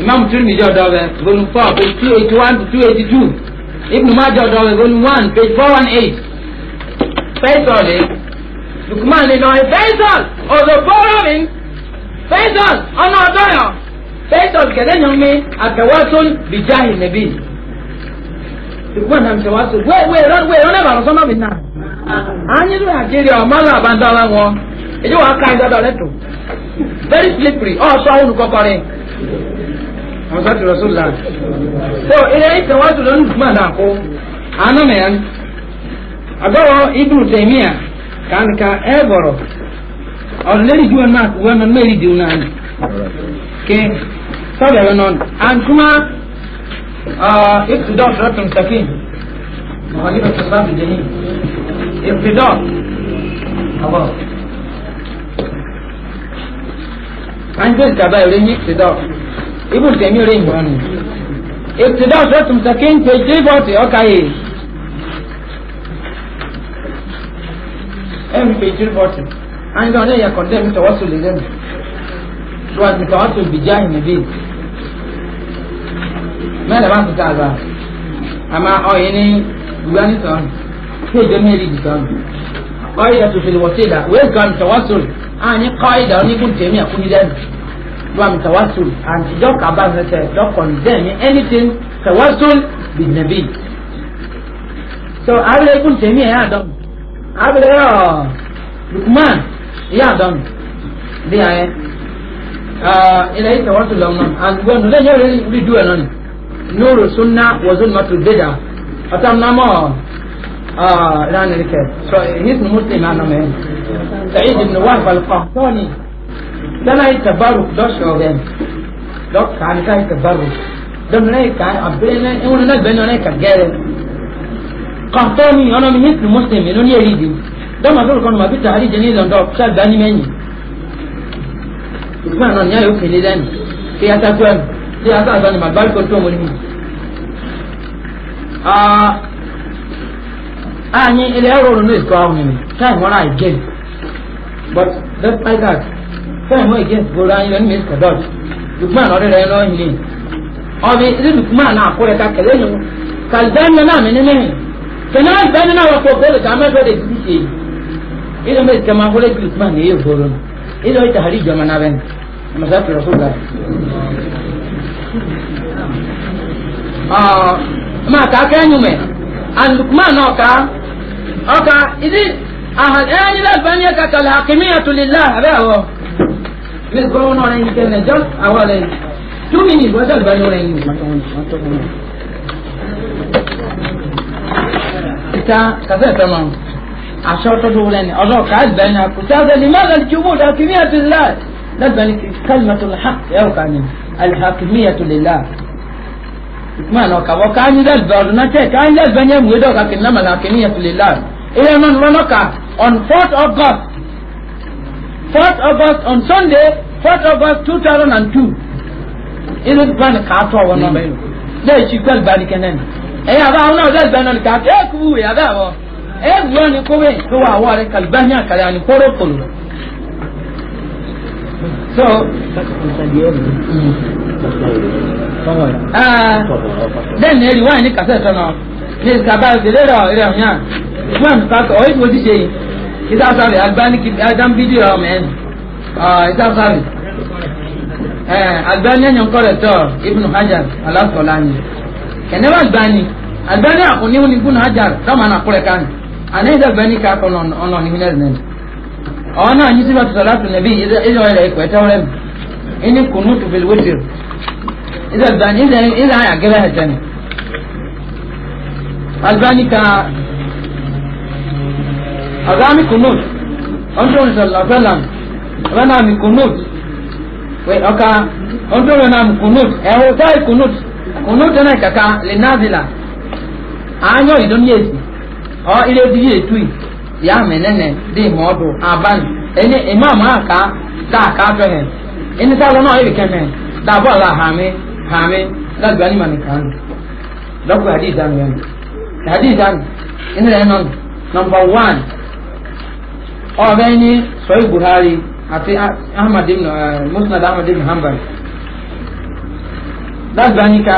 imam tirmidhi ọ̀dọ̀ rẹ̀ volume four page two eighty one to two eighty two ibn majah ọ̀dọ̀ rẹ̀ volume one page four one eight faisal ni lukman ni náà faisal ọ̀dọ̀ bọ́ọ̀rọ̀ mi faisal ọ̀nà ọ̀dọ̀ yàn faisal gẹ̀dẹ́ yàn mi àtẹ̀wọ́sọ́n bìjáhì nẹ̀bí lukman náà tẹ̀wọ́sọ́n wẹ́ẹ̀wẹ́ wẹ́ẹ̀ ọ̀nà ìbàdàn sọ́nà mi náà anyi ló bandala ọ̀mọ́lá àbáńdọ́lá wọn èdè wọn ká ẹ̀dọ́dọ̀ lẹ́tọ̀ọ́ very slippery ọ̀ sọ àwọn olùkọ́kọ́rin musatu rasulillah so ina ita wasu don kuma da ko ana me yan agawo ibnu taymiya kan ka eboro ordinary juan ma juan man meri diunan ke sabe non an kuma ah ibtida ratun sakin mahalifa sabab jahil ibtida ibùdó tẹ̀mí orí ìgbà ni ètùdá ọ̀sẹ̀ tùmùtà kéńté jírí bọ́ọ̀tì ọ̀ka yìí ẹ̀ ń pè jírí bọ́ọ̀tì àyìnbá ọ̀nà ìyà kọ̀dé mi tọwọ́ sọ lélẹ́mù lọ́wọ́ àti tọwọ́ sọ bìjà ìnìbí mẹ́rin bá ti ta àgbà àmà ọ̀yẹ́ ní ìwé anìtàn kéèjọ́ mẹ́rin ìdìtàn ọ̀yẹ́ tó fi wọ́tí ìdá wẹ́ẹ̀kan tọwọ́ sọ àyìn kọ́ ìdá onígun tèmi àkúnyí lẹ́nu do am tawassul and e don kaba na say don condemn anything tawassul bi nabi so abele kun tẹmi ẹ yà dọm abele ọ lukman yà dọm di ayẹ uh, ilẹ̀ yìí tawassul lọ nọ and wọn lẹ́yìn ẹ̀rọ rí du ẹ̀ nọ ni nuru sunna wa zulmatu bida ọ̀tàm náà mọ̀ ọ̀ lánàá kẹ so he is muslim anamẹ sa'id ibn wahab al-qahtani dan ay tabarruk do shogen do kan kai tabarruk dan nay kai abena una na beno nay kagere qahtani ana min hisl muslim non yaridi dan ma dol kon ma bi tahri jani lan do sal bani meni ikma non ya yo kele dan ti ata kwen ti ata dan ma bal ko to mo ni ah anyi ile ero no is ko awon ni kai wona i get but that like that sẹ́yìn mú ìjẹ́ ìgboro ayé lẹ́nu mi kẹ̀dọ́t lukman ọ̀rẹ́ rẹ lọ́ọ́ yìí ọ̀bí ilé lukman náà kó rẹ ká kẹlẹ́ yìí kàlùbẹ́ni náà mi ní mẹ́rin kẹ̀lẹ́ àgbẹ́ni náà wọ́pọ̀ gbọ́dọ̀ kà mẹ́fẹ́ rẹ̀ ti ṣe ilé mi kẹ́ máa wọlé lukman ní èyí gbòòrò ilé ìta àrí ìjọba náà bẹ́ni mọ̀sá kìlọ̀ fún ga. máa kà á kẹ́yìn mẹ́ and lukman náà kà ọkà let's go on orange kene just awa le two minutes wọ́n tẹ̀lé bá ní orange. ìta kásẹ̀ tẹ̀ mọ́ aṣọ tọ́jú wọlé ni ọ̀dọ́ káàdì bẹ́ẹ̀ ni àkùtì àṣẹ ni mẹ́rin kí wọ́n dà kí ní àti ńlá lẹ́gbẹ̀ẹ́ ni kálímẹ́tò lẹ́hàk yẹ́wò ká ní alihakimiyẹ́tò lè lá ìtumọ̀ náà kàwọ́ káàní lẹ́gbẹ̀ẹ́ ọ̀dọ́ náà tẹ̀ káàní lẹ́gbẹ̀ẹ́ ni ẹ̀mú ẹ̀dọ́ kàkínní náà màlàkínní yẹ́tò lè lá ilé náà lọ́nà ká on fourth of god 4th August on Sunday 4th August 2002 ilé bani kàtó àwọn ọmọ yìí lẹ́yìn tí gbẹ́lì bani kẹ́nẹ́ ni ẹ̀yà bá àwọn that ìgbà náà ni kàtó ẹ̀ kú wùyà bá wọ ẹ̀ wúlọ́ ni kówé tó wà wọ́ rẹ̀ kàlùbá ní so ah, then eri wáyé ní kàtó ẹ̀tọ́ náà ní ìsìkàbá ìdílé rẹ̀ ìrẹ̀ òyìn à wọ́n mi kàtó ọ̀ ita sáré Albani kì ajá ń bídìí ọ̀ mẹ́ ita sáré Albani ẹ̀yàn kọ́ rẹ̀ tọ́ Ibn Hajar alásọ̀láni kẹ̀nẹ́wà e Albani Albani àkùnrin ní Ibn Hajar sọ́mà náà kúrẹ̀ kan àná ìdá Albani ká kọ́ ọ̀nà ní mílẹ̀ nẹ́ẹ̀ ọ̀ náà yìí síbi àtúntò láti nàbí ìdá ọ̀rẹ́ ẹ̀kọ́ ẹ̀tẹ́ ọ̀rẹ́ mi ẹni kùnú tó fi wé tìrù ìdá Albani ìdá àyàgẹ́rẹ́ ẹ̀tẹ́ ni Albani ká agami kunut onto sallallahu sallam wana mi kunut we oka onto wana mi kunut e kunut kunut na kaka le nazila anyo idon yesi o ile di etui ya menene de modu aban ene imam aka ka he ene no da la ha mi ha mi da mani kan yan ene number 1 ọ̀bẹ ní sọ́yìn buhari àti ahmad ibn musnad ahmad ibn hanbal lágbàáníkà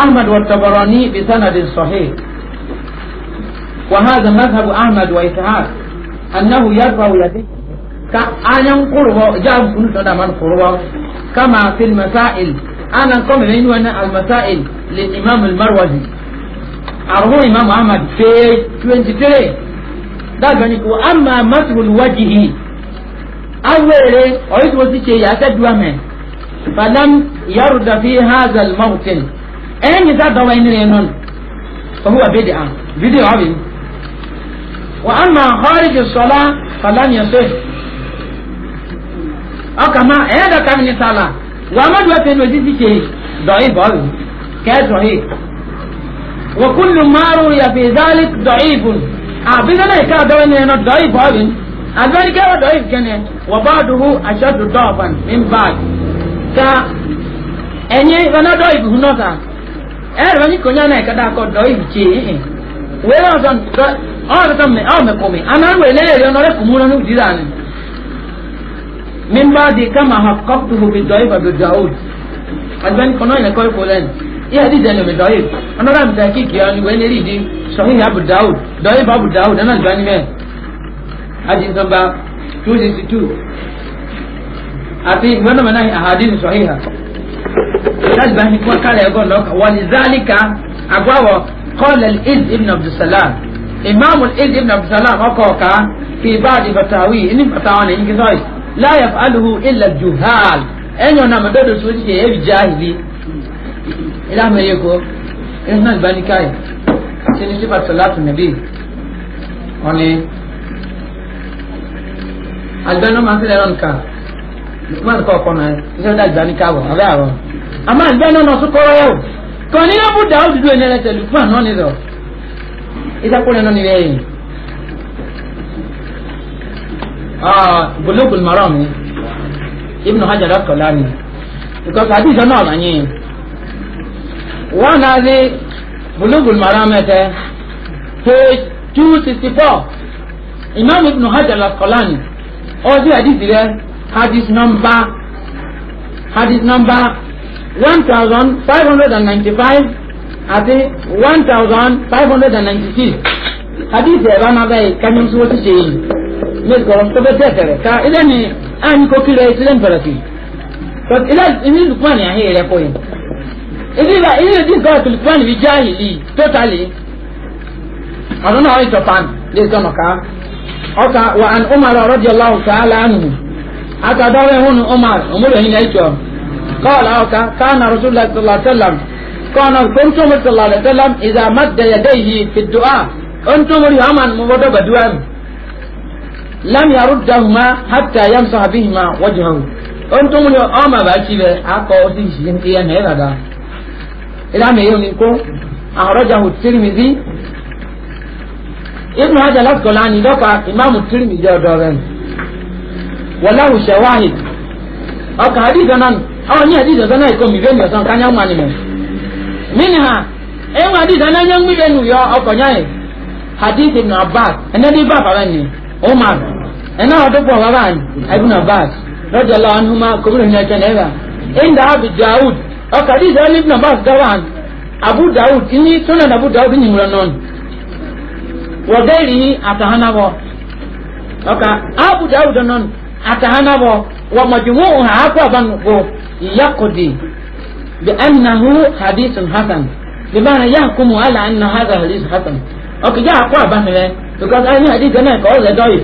ahmad wa tabarani bi sanadin sahih وهذا مذهب أحمد وإسحاق أنه يرفع يديه كأن قربة جاب كنت من قربة كما في المسائل أنا كم من وانا المسائل للإمام المروزي أرهو إمام أحمد في 23 دعني كو أما مسح الوجه أولا أريد وسيتي يا سيدي فلم يرد في هذا الموطن أين ذا دوين رينون فهو بدعة بدعة عظيم وأما خارج الصلاة فلن يصح أكما أين كان الصلاة وما دوين وسيتي ضعيف عظيم كيف ضعيف وكل ما روي في ذلك ضعيف àbísẹ́nà ìka ọ̀dọ́wọ́ ni ẹnu dọ́ ìbọ̀ ọ̀bìn àgbẹ̀ríkẹ́ ọ̀dọ́ ìkẹ́nẹ̀ wọ́n bá dùhú aṣọ́dù dọ́ọ̀bàn ní báàgì ká ẹ̀yin ìfẹ́nàdọ́ ìbùhù náà sà ẹ̀rọ ní kò nyánà ìkadà kọ̀ dọ́ ìbìtì ẹ̀hìn wẹ́ẹ́ náà sọ ọ̀mẹ̀kọ̀mẹ̀ anáwẹ̀ lẹ́yẹ̀rẹ́ ọ̀nọ́rẹ́ kùmúrán ní ìdílé àná min baadi kama hakaktuhu bidoiba bidaud advani kono ina koy kulen iye ẹdí ìdẹ́nu mi dọ́yìn ọ̀nàdà mi tẹ̀ kíkì ọ́ ni wẹ́n eré ìdí sọ̀hìn abu dawud dọ́yìn bá abu dawud ẹ̀nà ìgbà nímẹ̀ àti nọmba two sixty two àti ìwé nọmba náà àhàdí ni sọ̀hìn ha láti bá ní kí wọ́n kálẹ̀ ẹ̀gọ́ lọ́kà wọ́n ní zálíkà àgbáwọ̀ kọ́lẹ̀ iz ibn abdulsalam imaamu iz ibn abdulsalam ọkọ̀ ọ̀ka fi báàdì fatawi ní fatawa ní yíkí sọ́yì láyà fàlùhù ilà juhal ẹ̀yọ̀ náà mọ̀dọ́dọ̀ tó ti ṣe é ilé àmì ẹ̀yẹ kọ́ ẹ̀yẹ náà ìbá ní káyì ṣe ní sípà sọ láti nàbí wọn ni àgbẹ̀ náà máa ń sílẹ̀ lọ́nù ká máa ń kọ́ ọkọ náà iṣẹ́ dá ìgbà ní káwọ̀ abẹ́ àrọ̀ àmọ́ àgbẹ̀ náà náà tún kọ́rọ́ yẹ̀wò kàn ní yẹ́bù dá ó dúdú ẹ̀yẹ lẹ́tẹ̀ lùkúmà náà ni lọ iṣẹ́ kúrẹ́ náà ni lẹ́yìn bulugul maram ibnu hajar akọlani because hadith náà wà nyìn wana zi bulugul maramete page 264 imam ibn hajar al-asqalani ó zi hadith rẹ̀ hadith number hadith number 1595 àti 1596 hadith rẹ̀ bá ma bẹ́ẹ̀ kanyọ́ sí wọ́n ti ṣe yìí mil kɔrɔ to bɛ dɛsɛ rɛ ka ilé ni an ko kiri ilé ni fɛrɛ ti parce ilé ni lukman yà hɛ yɛrɛ ko yen ìdílé ìdílé dín nǹkan ọ̀tún lùkùmánì fi já ìlì tótálì ọ̀nà náà ọ̀yìn tọ̀pán lè sọ mọ̀ká ọkà wà án umar ọ̀rọ̀dì ọláhùn sàálà ánù àtàdáwọ̀ ẹ̀hún umar òmùrẹ̀ yìí náà ìjọ kọ́ọ̀lá ọkà káànà rasulillah sallallahu alayhi wa sallam kọ́ọ̀nà gbọ́ntúmù sallallahu alayhi wa sallam ìdá mádàyàdé yìí fi dùá ontúmù rí ọmọ mu wọ́dọ̀ gbàdúrà lam yarudahuma hatta yamsaha bihima wajhahu ontúmù rí ọmọ bàá ìlànà èyí ni kó àrọ́jàwò tìrìmìzì ibnu hajj alaskọlá ni dọ́kà ìmáàmù tìrìmìzì ọ̀dọ́ rẹ̀ wọláhù ṣẹwáhì ọkà àdìsọ náà àwọn ní àdìsọ sọ náà ìkọmi bẹ́ẹ̀ ni ọ̀sán kányá ń wà nílẹ̀ mini ha ẹ̀wọ̀n àdìsọ náà yẹn ń gbé nu yọ ọkọ̀ yẹn yẹn hadith ibnu abbas ẹ̀nẹ́ ní bàbá rẹ̀ ni umar ẹ̀nà ọdún pọ̀ bàbá ibnu abbas lọ́jọ́ lọ́wọ́ anúmá kòmìnir ọkà dí ìdáwọ́ ní ibùdó bá gbá wà abu dawud ní sunan abu dawud ní ìmúlẹ̀ náà wọ́gẹ́rì àtàhánabọ̀ ọkà abu dawud náà àtàhánabọ̀ wọ́n mọ̀jùmọ́ òhun àákọ́ àbánubọ̀ ìyàkọ̀dì bí ẹnìnàhú hadithun hasan bí bá yà kúmù àlà ẹnìnà hadà hadith hasan ọkà yà àkọ́ àbánulẹ̀ because ẹni hadith gánà ẹ̀kọ́ ọ̀rẹ́ dọ́yì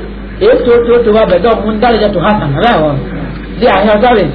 èyí tó tó tó wà bẹ̀ dọ́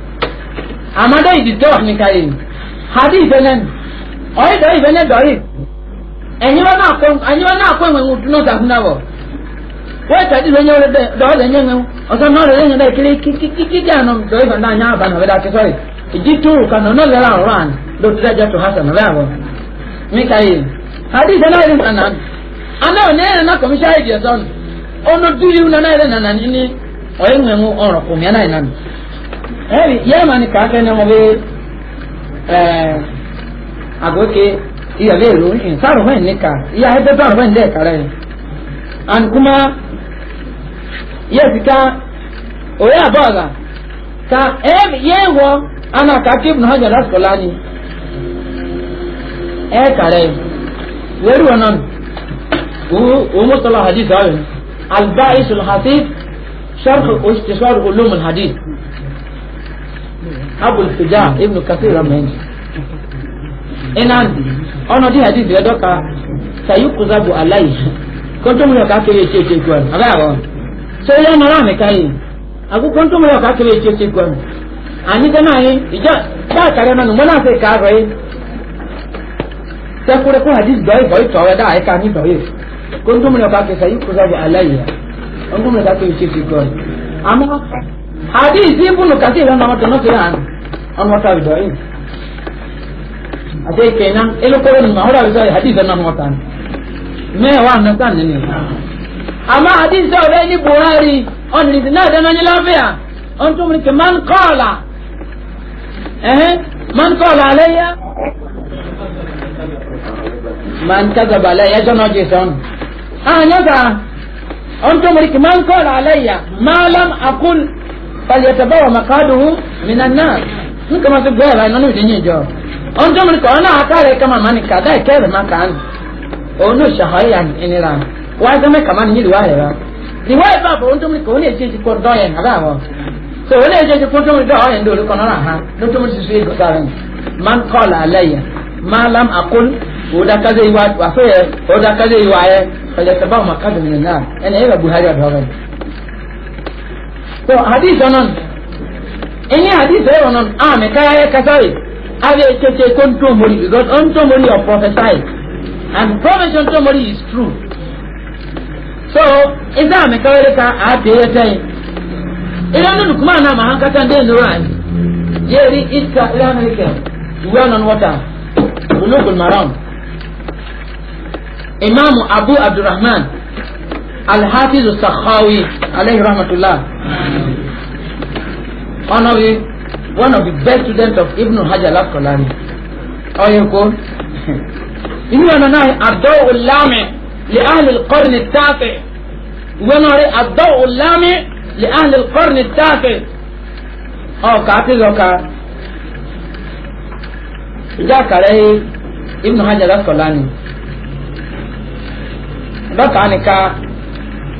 amada idijọ́ ni kayin hadi ifenen ọyẹ dọ ifenen dọrin ẹ̀yin wọn náà kọ ẹ̀yin wọn náà kọ ìwé wọn dúró sàkún náà wọ̀ wọ́n ti àdìsẹ́ yẹn wọlé dọ́ọ̀ lẹ́yìn yẹn wọn ọ̀sán náà lẹ́yìn yẹn dẹ́ kiri kíkíkí jẹ́ àná dọ́ ifẹ̀ náà yẹn àbànà ọ̀bẹ dàkẹ́ sọ́rí ìdí tóo kan náà lẹ́la ọ̀rọ̀ àná ló ti dájọ́ tó hasan ọ̀bẹ àbọ̀ mi kayin àdìsẹ́ náà yẹn nàná àná ọ̀nà yẹn náà ẹ̀rí yẹ́mà ni kàákẹ́ ni ọmọ bí àgókè ìyàlẹ́ ìlú ìsàrò mẹ́rin níka ìyá ẹgbẹ́ bá mẹ́rin dẹ́ kàrẹ́ yìí and kuma yẹ́sì ká òye àbọ̀ọ̀gà ká ẹ̀rí yẹ́wọ́ ana kàákẹ́ na hajj lásìkò láni ẹ̀ kàrẹ́ yìí wẹ́rù wọn náà wọ́n mú sọ́lá hadith ayọ̀ alba isul hasib sharh istishar ulum al hadith abul suja ibn kasir amẹ́ni inan ọ̀nà tí hadith rẹ̀ dọ́ka sayukuzabu alayi kọ́ntọ́mù yọ̀ kákiri etí etí kwan abẹ́rẹ́ so ilé ọ̀nà rámi káyé àgbo kọ́ntọ́mù yọ̀ kákiri etí etí kwan àní dáná yín ìjọ bá àkàrẹ́ náà nùmọ́ náà fẹ́ kárọ̀ yín sẹ́kúrẹ́ kó hadith dọ́yì bọ́yì tọ́wẹ́ dáa ẹ̀ka ní dọ́yì kọ́ntọ́mù yọ̀ kákiri sayukuzabu alayi kọ́ntọ́mù yọ̀ kákiri etí etí kwan àmọ́ hadith ibnu kasir na wato no kiran an wata bidai ate kenan elo ko ni ma hora bidai hadith na wata me wa na kan ni ama hadith sa ole ni buhari on ni na da na ni lafia on tum ni man qala eh man qala alayya man kadaba alayya jono jison ah nyaga on tum ni man qala alayya ma lam aqul falyatabawa makaduhu minan nas nka ma se gbɛɛ la nanu de nye jɔ ɔn tó mi kɔ ɔn náà aka rɛ kama ma ni ka da kɛrɛ ma kan ɔn n'o sahɔ ya ni ɛni la waa sɛmɛ kama ni yiri waa yɛrɛ ni waa yɛrɛ b'a fɔ ɔn tó mi kɔ ɔn yɛ tse ti kɔ dɔ yɛ a b'a fɔ so ɔn yɛ tse kɔ tó mi dɔ yɛ n'olu kɔnɔ la ha n'o mi susu yɛ gɔta rɛ man kɔla ala yɛ malam akol o da kaze yi wa fɛ yɛ o da kaze yi wa yɛ falyatabawa makaduhu minan nas e ka buhari dɔ so hadith onon any hadith e onon ah me kaya e eh, kasari abe tete kon to mori because on to mori of prophesy and prophecy on to mori is true so isa me kaya eh, ka a ah, te eh, tai ila nunu kuma na ma hankata nde nuran yeri iska ila na like well on water ulukul maram imam abu Abdulrahman. الحافظ السخاوي عليه رحمة الله one of the one of the best students of Ibn Hajar al-Asqalani أو يقول أنا نهي الضوء اللامع لأهل القرن التاسع ونرى الضوء اللامع لأهل القرن التاسع أو كاتب أو كاتب إذا كان ابن حجر الأسقلاني ذكر عنك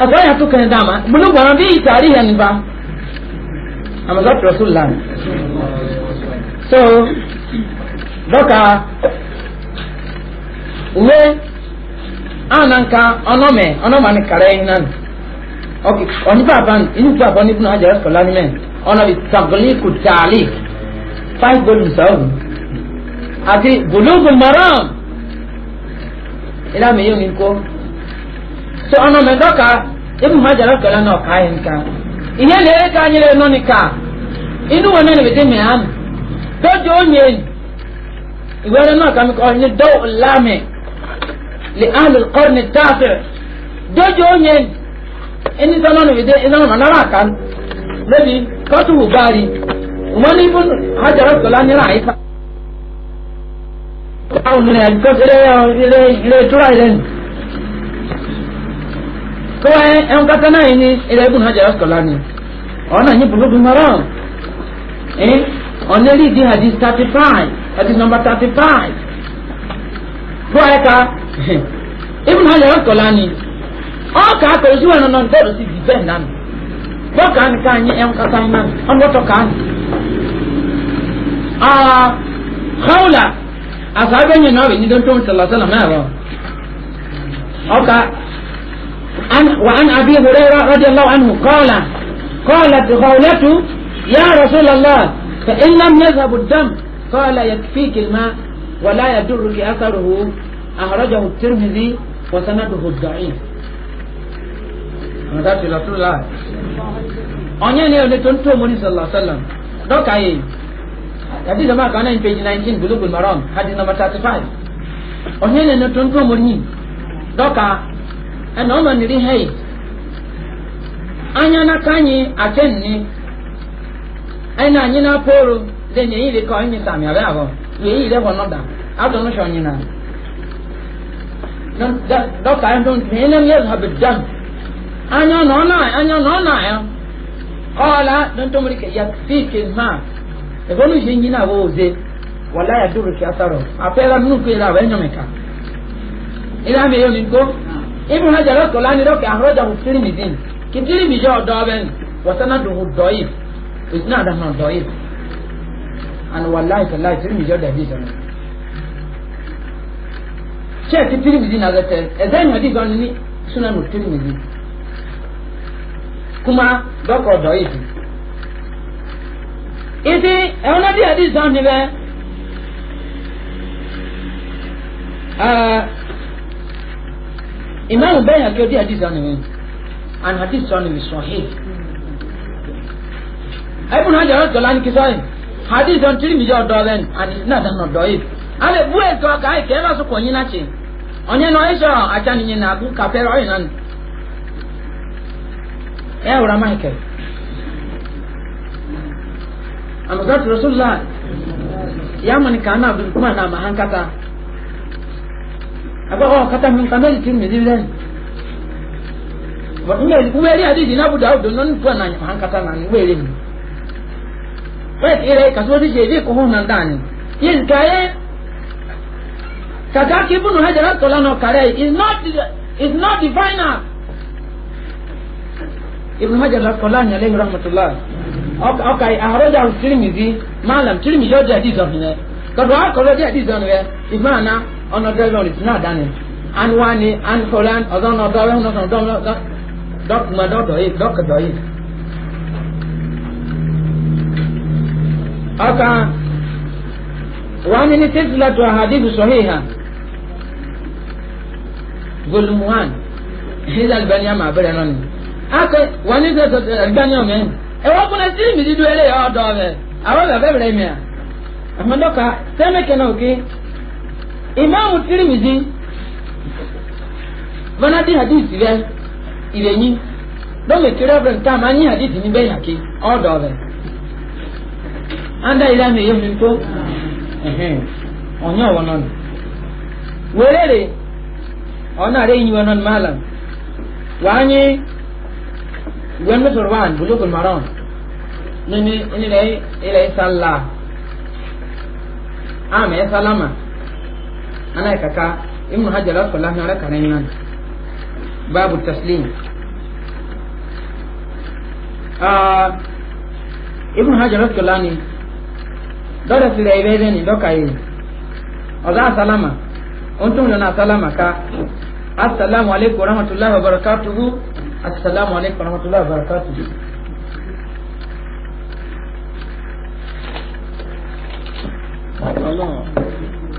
akwai ya tukane dama bunu gwanon bi tarihin ba a mazat rasulullah so doka uwe ananka ọnọmẹ ọnọmọani kàrẹ yín nánu ok ọ̀nìbàbàn inú bàbá oníbùnú ajá ẹ̀kọ́ lánìmẹ̀ ọ̀nà bíi tàgọ́líkù tààlì five volumes ọ̀hún àti bùlùgùn mọ̀rán ìlànà yìí ò ní kó so ọ̀nà mi dọ́ka ebi mu ajara kẹlẹ náà ọ̀ka yẹn nka ìyẹn lè yẹ ká nyere nọ nìka inú wọn náà lè dé mìíràn dọ́jọ́ onye ìwẹ́rẹ́ náà kàmi kọ́ ọ̀nyẹ́ dọ́wọ́ lámì lè áhùn lọ́kọ́ ní tààfẹ́ dọ́jọ́ onye ẹni sọ́nà lè dé iná ọ̀nà náà kàn lẹ́bi kọ́tù wù báyìí wọn ní ibùn ajara kẹlẹ nira àyíká. báwo ni ẹ̀ ń kọ́ ilé ìtura ilé ni kọ́wá ẹ̀hún kata náà yìí ní ilẹ̀ ibùn hajj ọ̀sọ̀lá ni ọ̀nà yìí bùlọ́ bùn mọ́rọ́ ẹ̀ ọ̀nà lè di hadith thirty five hadith number thirty five bọ́ ẹ̀ ká <laughs> ibùn hajj ọ̀sọ̀lá ni ọ̀kà akọ̀rọ̀ sí wọn náà bẹ́ẹ̀rù sí di bẹ́ẹ̀ náà bọ́ọ̀kà ni ká yín ẹ̀hún kata náà ọ̀nà wọ́tọ̀ ká ni. xawla asaabe nyi naa wẹ̀ nyi dantó sallasalaam ẹ̀ rọ ọ̀kà. وعن أبي هريرة رضي الله عنه قال قالت غولة يا رسول الله فإن لم يذهب الدم قال يكفيك الماء ولا يدرك أثره أخرجه الترمذي وسنده الضعيف mọ̀dáṣe lọ́túnlá ọ̀nyẹ́ ni ọ̀nà tó ń tó mọ́ni sọ̀lá sọ̀lá dọ́kà yìí àti ìjọba page nineteen gbólógbòló maram hadith number thirty five ọ̀nyẹ́ ni ọ̀nà tó ń tó mọ́ni na ọ nọ n'iri heit anya n'aka anyị ate nne anyị na anyị na-apụ oru dị na eyiri ka onye sami abịa ahụ wee yiri ewu ọnọda adọ n'ụsọ onye dọkịta anyị dọ ntụ enye m ya zọbi dam anya na ọ na anya na ọ na ya ọla dọntọ mmiri ka ya fi ke ha ebe ọnụ ihe nyina abụọ oze wala ya duru ka asarọ apụ ya nnukwu ya abụ enyemeka ịla mee ya onye nkọ ibùdó hajj lọ́kọ̀ lánìí lọ́kọ̀ àhọ́rọ́jà kò tìrì mí dín kì tìrì mí jẹ́ ọ̀dọ́ ọbẹ̀ wọ́sánà dùnkù dọ̀yì ìsìn náà dáná dọ̀yì and wàláì sàláì tìrì mí jẹ́ dàbí sọ̀nà. ṣéèkì tìrì mí dín àgẹ́tẹ̀ ẹ̀dá ìyàn dìgbà ní súnánù tìrì mí dín kuma dọ́kọ̀ dọ̀yì dín. ìdí ẹ̀wọ́n náà dí Imam Bayhaqi odi hadith ani wen. And hadith sani bi sahih. Ibn Hajar Jalani kisai. Hadith on tiri mi and it's not an do it. Ale bu e ko kai ke ba su ko Onye no iso acha ni na bu ka pero yin an. E ora ya Amazatu Rasulullah. Yamani kana bin na أقول أوه كتب من قبل الترمذي بذلك ومالي حديث نابو داود نون فانا عن كتانا ويلي فات إليك سوزي شيء كهونا داني يزكاية كتاكي بنو هذا رتولانو كاري is not is not the final ibn hajar lakolani alayhi rahmatulah ọkà àròjà tìrìmìzì di tìrìmìzì ọjà àdìsọ fún yẹn kọdọ àkọlọ ọjà àdìsọ nìyẹn ìgbà náà ọ̀nà dẹ́rẹ́bà ọ̀lẹ̀ tí náà dání an wá ní an fọlán ọ̀dọ́ náà dọ́rẹ́ ọ̀nà kan dọ́kùnmá dọ́dọ̀ yìí dọ́kùdọ̀ yìí. ọkà wàá mi ní tẹ́sílá tó àhàdìbù sọ̀hìn hà volume one his albania ma bẹ̀rẹ̀ náà ni akọ wàá ní tẹ́sílá albania mẹ́ ẹ̀wọ́n kúnlẹ̀ sílẹ̀ mi dídú ẹlẹ́yà ọ̀dọ́ ọ̀bẹ àwọn bẹ̀rẹ̀ mi à àmọ́ dọ́kà sẹ́mẹ̀kẹ́ náà òkè. imamu tirimizi mana di hadisi rẹ ìrẹyìn lọ́mọ tí rẹ́fẹ̀rẹ̀ tá a máa ní hadisi níbẹ̀ yàkí ọ̀dọ̀ rẹ̀ anda ilé àmì èyí tó ọ̀nyẹ́ ọ̀wọ́ náà wéré rè ọ̀nà rẹ̀ yìí wọn náà máa làm wàá nyé maron ana kaka ibn hajar al-falah na raka nan babu taslim ah ibn hajar al-falah ni dole su da ibe ni doka yi oza salama on tun na salama ka assalamu alaikum warahmatullahi wabarakatuh assalamu alaikum warahmatullahi wabarakatuh Allah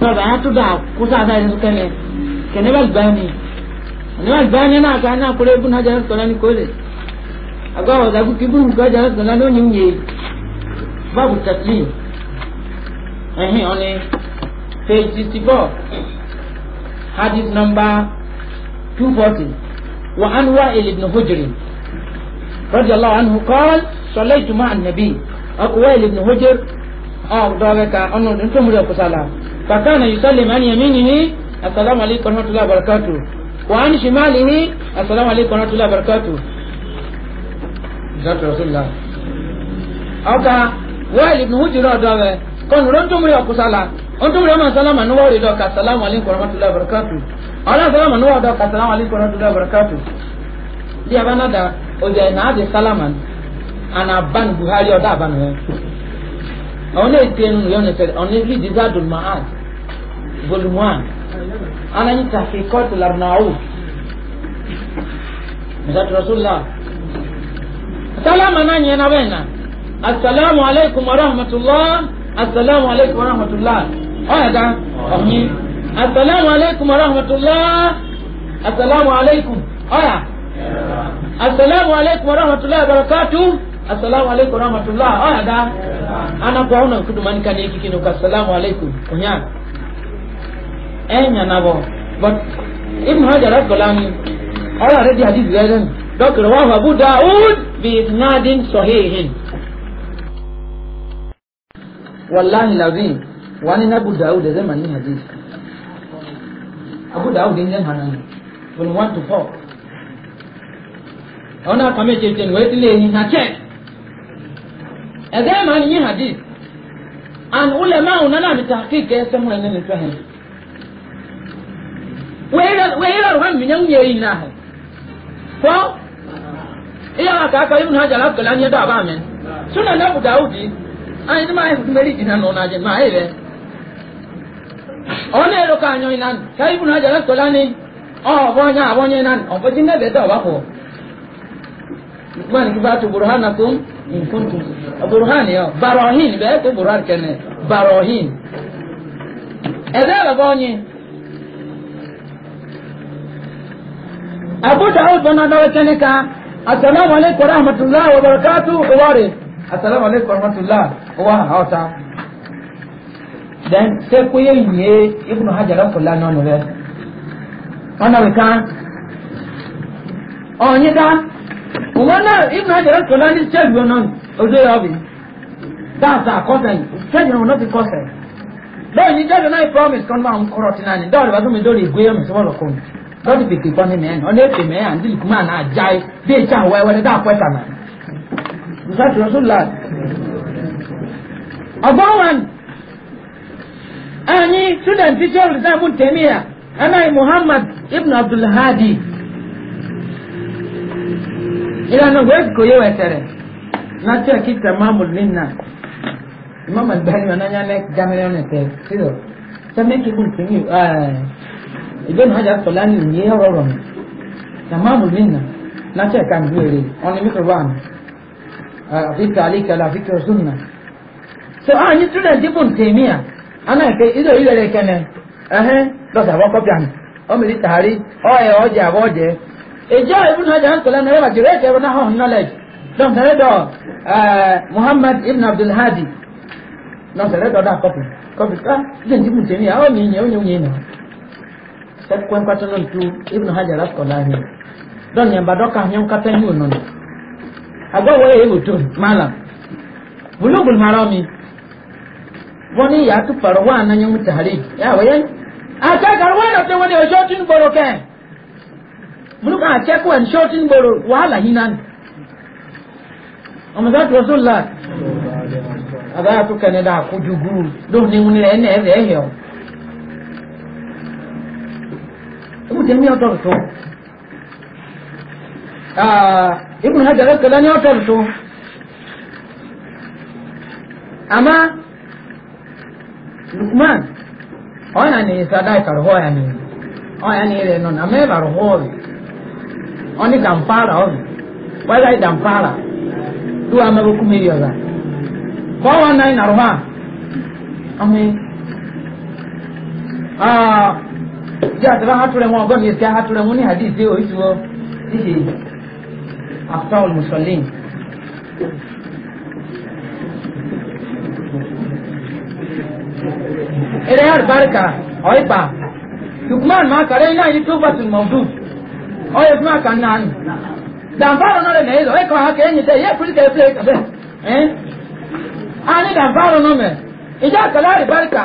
na da hatu da kusa da yanzu kane kene bal bani ne bal bani na ka na kure bun hajar to nan kole aga wa da ku kibun ga jar to nan ni ni babu taslim eh on page 64 hadith number 240 wa an wa'il ibn hujr رضي الله عنه قال صليت مع النبي أقوال ابن هجر أو ذلك أنه أنتم مدى قصالة فكان يسلم عن يمينه السلام عليكم ورحمة الله وبركاته وعن شماله السلام عليكم ورحمة الله وبركاته ذات رسول الله أوكا وائل بن هجرة دوه كون رنتم يا كسالة أنتم لما سلام نواري دوك السلام عليكم ورحمة الله وبركاته أنا سلام نواري دوك السلام عليكم ورحمة الله وبركاته دي أبانا دا أجي نادي سلاما أنا بان بوهاري أو دا بان هو أنا يتكلم يونس أنا يريد زاد المعاد volume 1 ana ni tahqiqat al-arnaud mzatu rasulullah salama nanyi na wena assalamu alaikum wa rahmatullah assalamu alaikum wa rahmatullah oya da ahni assalamu alaikum wa rahmatullah assalamu alaikum oya assalamu alaikum wa rahmatullah wa barakatuh assalamu alaikum wa rahmatullah oya da ana kwaona kudumanika ni hiki assalamu alaikum kunyana ẹ̀yàn náà bọ̀ but ibn hajar al-asqalani ọ̀rọ̀ àrẹ di hadith rẹ̀ lẹ́nu dọ́kítà wà fún abu daoud bi isnadin sahihin. wàláhi lazim wà ní abu daoud ẹ̀rẹ́ mà ní hadith abu daoud ní ẹ̀hàn náà volume one to four. ọ̀nà àkàmì ìṣẹ̀ṣẹ̀ ni wọ́n ti lè yìn hàn check ẹ̀rẹ́ ní hadith and ulema ọ̀nà náà mi ta kéèké ẹsẹ̀ mọ́ ẹ̀ nínú ìfẹ́ hàn. weyilal han miñang ñeyinahe fo iyawa kaka ibnu hajar afgalani yedo aba men na abu daudi ayini ah, ma ina ma ka ka hajar o o ko man burhanakum in kuntum abu dawud bana na wacce ka assalamu alaikum rahmatullah wa barakatu uware assalamu alaikum rahmatullah wa hausa then sai ku yi ne ibnu hajar rasulullah non ne ana we kan onye da umana ibnu hajar rasulullah ni sai yo non ozo ya bi that's a content sai you not the content don't you just not promise kon ma on koroti nani don't ba so mi do le gwe mi so lo kon dɔɔni bèbè bɔ ne mɛ ɔne ebe mɛ andili kuma na adza yi bi etsi awɔ yɛ wɔde da akɔ ɛta na musa tura so la ɔgbɔnwan anyi student teacher of islam tɛmiya anayi muhammad ibn abdulhadi ìlànà wẹ́ẹ́ kò yé wẹ́ẹ́ tẹ̀rẹ̀ n'atí ẹ̀kí tẹ̀ mamu lina mamu gbẹ́ni ọ̀nà yẹn lẹ́ẹ̀ gánilẹ́ọ̀nì tẹ̀ sílò sẹ́mi kíkún tẹ̀mí ẹ̀ẹ́ ibn hajar tolani ni ya rọrọ mi na maamu minna na ce kan duwere wani mikroban a fika alika la fika sunna so a ni student ibn temiya ana ke ido ido le kene ehe lo sa won copy an o mi tari o e o je abo je ejo ibn hajar tolani wa jire je na ho knowledge don tare do muhammad ibn abdul sɛkpɛ nkpata non tu ibnu hajar asukɔlahi dɔn yɛn ba dɔka nyɛ nkata nyo wonon agbɔ wɔyɛ ewu ton mala bulugul marami wani ya tu faro wa na nyɛ mutahari ya wɔyɛ a kari wɔyɛ wani o shɔtin boro kɛ buluka a cɛ kɔni shɔtin boro wahala hinan Omuze tuwaso la a b'a to kɛnɛ da a ko jugu ni Ibn Taymiyyah ọ̀tọ̀ tó Ibn Hajar al-Asqalani ọ̀tọ̀ tó àmọ́ Lukman ọ̀yà ni sada ìkàrọ̀họ́ ọ̀yà ni ọ̀yà ni rẹ̀ nọ nàmẹ́ ìkàrọ̀họ́ ọ̀rẹ̀ ọ̀ni dàmpara ọ̀rẹ̀ wọ́n láì dàmpara tó amẹ́bùkún mi yọ̀ọ̀la four one nine àrùhà ọ̀mi. just about how to learn one God is how to learn one hadith they always were this is after all Muslim ma kare ina yi to batul mawdu oye ma kan nan dan faro no le ne o ko ha ke ni te ye kuli ke play eh ani dan faro no me ija kala barka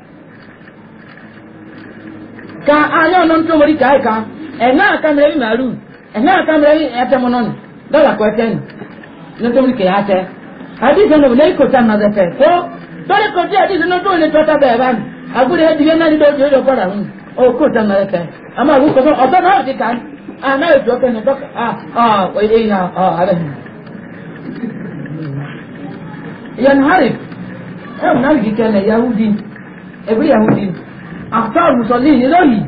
ka anya ọnụ ntụ mori ka anyị ka ene aka mere mi maru ene aka mere ete nọnụ dọla kọ ete nụ ntụ mori ya ate na na zefe so dọla kọtị n'otu onye tọta bụ ebe ahụ agụrụ ihe dịghị naanị n'otu onye o kota na zefe ama ọtọ na ọ dị ka anaghị eji dọka na ọ adịghị na yahudi after musolini ni lóyìí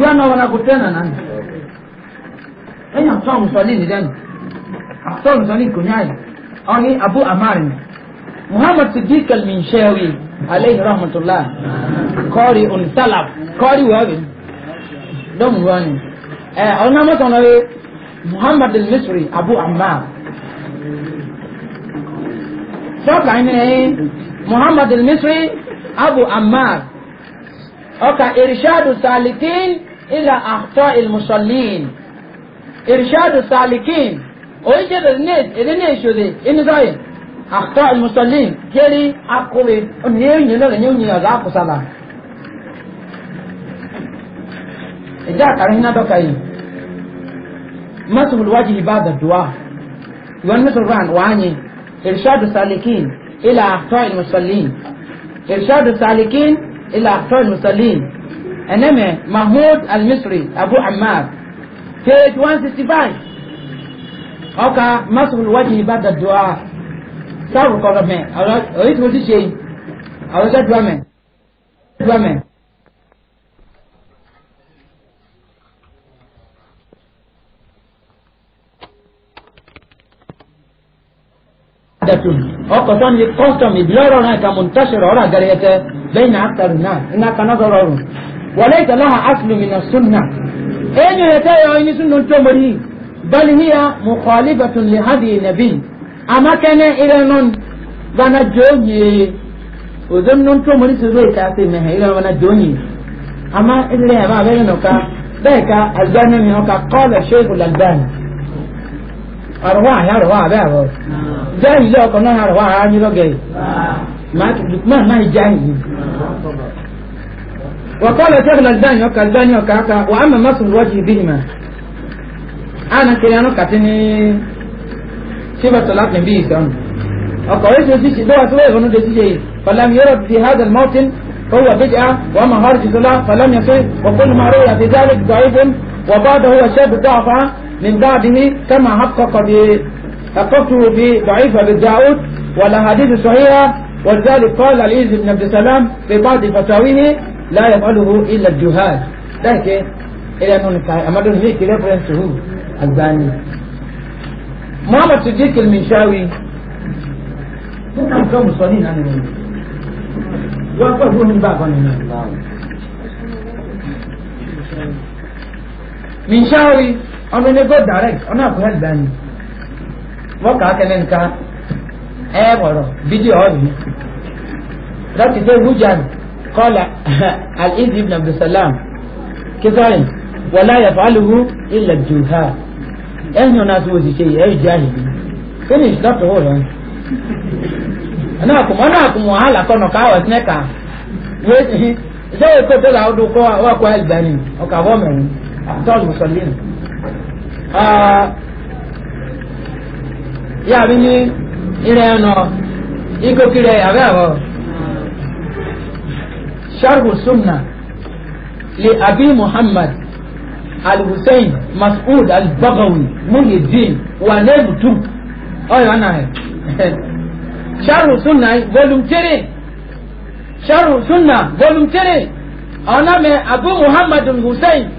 yóò náà wọn akutẹ́nà náà ẹ̀yìn after musolini lẹ́nu after musolini kò ní àyè ọ̀hìn abu amarin muhammad siddiq al-minshawi alayhi rahmatulah kọ́ọ̀rì onsalab kọ́ọ̀rì wẹ́ẹ̀bì dọ́mù wani ẹ̀ ọ̀nà mọ́tàn náà yẹ muhammad al-misri abu amar sọ́ọ̀kà ẹni ẹ̀yìn muhammad al-misri abu ammar ọkà irishadu salikin ila ahtọ ilmusallin irishadu salikin oríṣi èdè ní èṣòdè inú sọyìn ahtọ ilmusallin jẹrí akọwé oníyẹyìn náà lẹyìn oyin ọ̀dọ́ àkùsàlà ìjà àkàrà iná dọ́kà yìí mọ́tò olùwájú ìbá àdàdùá ìwọ́n mẹ́tò rán wáyé irishadu salikin إلى أخطاء المصلين إرشاد السالكين إلى أخطاء المصلين أنما محمود المصري أبو عمار page 165 أوكا مسح الوجه بعد الدعاء sáàbù kọ̀ọ̀kan أريد ọ̀rọ̀ èyí tí mo ti ṣe yìí عادة وقتان يتقوتم إدلارنا كمنتشر ولا جريتا بين أكثر الناس إنك نظر وليس لها أصل من السنة أين يتايا أين سنة تمري بل هي مخالفة لهدي النبي أما كان إلى من بنا جوجي وذن نون تمري سوزي كاسي مه إلى بنا جوني أما إلى ما بينك ذلك الزمن هناك قال الشيخ الألباني arwa ya arwa be abo jahi lo ko وقال شيخ وكاكا وأما مصر الوجه بهما أنا كريانو كاتني شبة الأقل به انا وقريت وسيش دوها سوى غنو دسيجي فلم يرد في هذا الموطن هو بدعة وما هارج صلاة فلم يصير وكل ما روي في ذلك ضعيف وبعده هو شاب ضعفا من بعده كما حقق ب حققته بضعيفة بالداود والأحاديث صحيحة ولذلك قال العزيز بن عبد السلام في بعض فتاويه لا يفعله إلا الجهاد لكن إلى أن أمدن هيك ريفرنس هو الباني ما تجيك المنشاوي كنا كم صلينا عن وقفوا من من شاوي ọ̀nà ní go direct ọ̀nà àpò help bẹ́ẹ̀ ni wọ́n kà á kẹ́lẹ́ nìkan ẹ wọ̀rọ̀ fídíò ọ̀rọ̀ yìí láti dé hujan kọ́lá <laughs> al-izz ibn abdulsalam kíkọ́rin wọlá yàtọ̀ alùhù ilẹ̀ jùhà ẹ̀yìn ọ̀nà àti òṣìṣẹ́ yìí ẹ̀yìn jáde finish dọ́tọ̀ wọ̀ lọ́n ọ̀nà àkùmọ̀ ọ̀nà àkùmọ̀ wàhálà kọ́nà káwọ̀ sinẹ́kà wẹ́ẹ́sì sẹ́yìn kó tó làwọn dùn kọ́ wọ́n kọ́ ẹ̀gbẹ́ni ọ̀kà wọ́mẹ̀rin àtọ́lù mùsọ̀lẹ́nì ya bi ni ire no iko kire abe abo sharh sunna li abi muhammad al-husayn mas'ud al-baghawi muhyiddin wa nebtu oyo ana he <laughs> sharh sunna volume 3 sharh sunna volume 3 ana abu muhammad al-husayn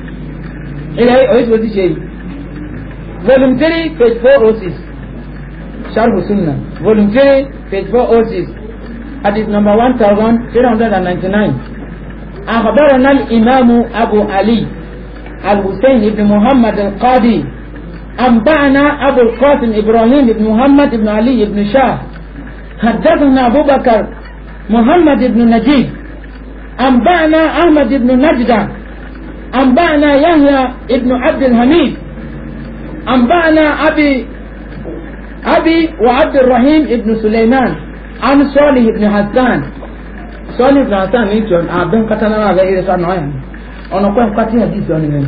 ilay أويس shei شيء voluntary page four sharh oh شرح volume voluntary page four 406 حديث number 1399 أخبرنا الإمام أبو علي الحسين بن محمد القاضي أنبأنا أبو القاسم إبراهيم بن محمد بن علي بن شاه حدثنا أبو بكر محمد بن نجيب أنبأنا أحمد بن نجدة أنبأنا يهيا ابن عبد الحميد أنبأنا أبي أبي وعبد الرحيم ابن سليمان عن صالح ابن حسان صالح ابن حسان نيتون أبن كتنا على إيرس أنا أنا كم كتير حديث أنا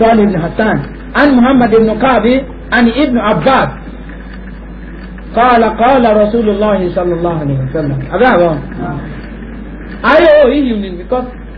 صالح ابن حسان عن محمد ابن كعب عن ابن عباس قال قال رسول الله صلى الله عليه وسلم أبا أبا أيوه يونين because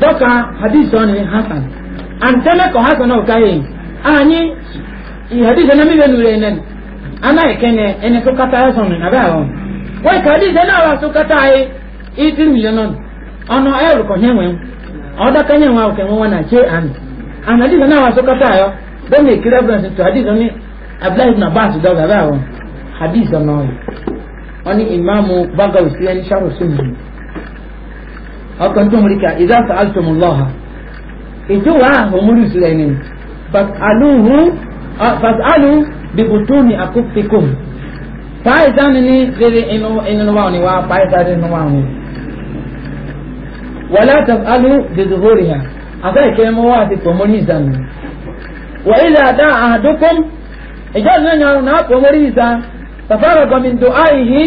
dɔka hadith ɔni hasan antɛnɛ kɔ hasan ɔka yɛ anyi hadith ɛnɛ mi bɛ nu yɛ nɛni ana yɛ kɛnɛ ɛnɛ tó kata yɛ sɔmi nabe awɔ wɔyi ka hadith ɛnɛ awa tó kata yɛ itin mi lɛ nɔni ɔnɔ ɛyɛlu kɔ nyɛwɛ ɔdaka nyɛwɛ awɔ kɛmɛ wɔn n'atse ani ana hadith ɛnɛ awa tó kata yɛ bɛn mi kiri ɛfɛ tó hadith ɔni abdulayi ibn abbas dɔ nabe awɔ hadith ɔnɔ ɔni imaamu bagawu si ɛni saro sunni. ọkàn tó múlí ká ìdá sàálùtùmù lọ́ha ìjọba òmùlù sílẹ̀ ni fàtàlù bìbùtù ní àkókò fàáìsá ni ní rere inú wa ni wá fàáìsá ni inú wa ni wàlá tàfàlù bìbùhórì ha àti ìkẹyẹ mọ́ wá àti pọ̀mọ́lì ìsàmì wà ilẹ̀ àdá àdókòm ìjọ ìlànà náà pọ̀mọ́lì ìsà tàfàlù gọmìntò àìhí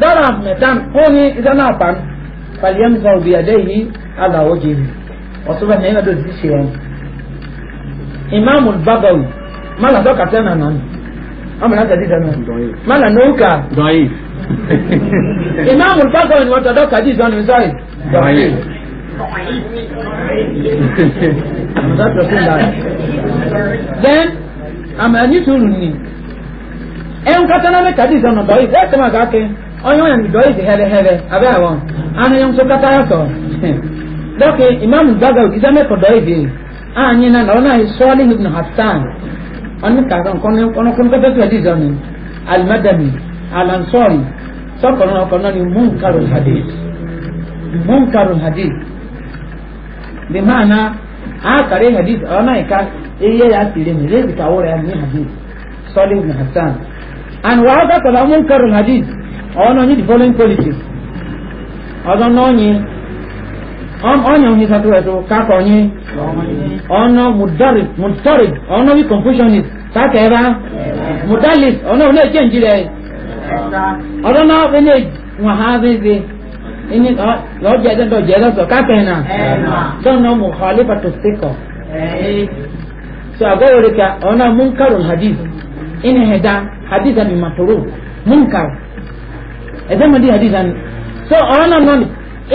dára mẹ́tàn kó ní ìsànà àpamọ́. فليمسح بيديه على وجهه وصبح نعمة الزيشيان إمام البغوي ما لا دوكا تانا نان أما لا تدي تانا ما لا نوكا ضعيف إمام البغوي وانت دوكا دي زان مساعد ضعيف then àmì ànyí tó rùn ní ẹ̀ ń kátánálẹ̀ kàdí ìsọ̀nà báyìí ẹ̀ tẹ́ máa kà á kẹ́ ọyọ yẹn dọ ìsì hẹrẹhẹrẹ abẹ àwọn àná yẹn nso kata yàtọ dọkì imam gbàgbà ìdámẹ kọdọ ìdí ànyìn náà ọ̀nà ìsọ́ọ́lì ibn hasan ọ̀nà kàkà ọ̀nàkùn kẹfẹ́ fẹ́ dì dọ́ni alimadami alansori sọkọ̀nà ọkọ̀nà ni munkaru hadith munkaru hadith bí maana àkàrẹ́ hadith ọ̀nà ìka iye yà tìlẹ̀ mi lẹ́yìn kàwọ́ rẹ̀ ní hadith sọ́ọ́lì ibn hasan and wàhálà kọ̀nà munkaru hadith ọ̀nà ní the following politics ọ̀dọ́ náà yìí ọ̀nà òhìn sàtò ẹ̀tọ́ kákọ̀ yìí ọ̀nà mùtọ́rì ọ̀nà bí confucianist kákẹ́rà mùtálìs ọ̀nà òhìn èjì èjì rẹ̀ ọ̀dọ́ náà fi ní wọn ha fi ṣe ní lọ́jọ́ ẹ̀jẹ̀ dọ̀jẹ̀ lọ́sọ̀ kákẹ́nà tọ́nà mù khalifa tó sẹ́kọ̀ so àgọ́yọ̀rẹ̀ka ọ̀nà munkarun hadith ìnìhẹ̀dá hadith àmì màtòrò munkar ẹ̀sẹ̀ mọ̀ di hadith àná so ọ̀rọ̀ náà nọ ni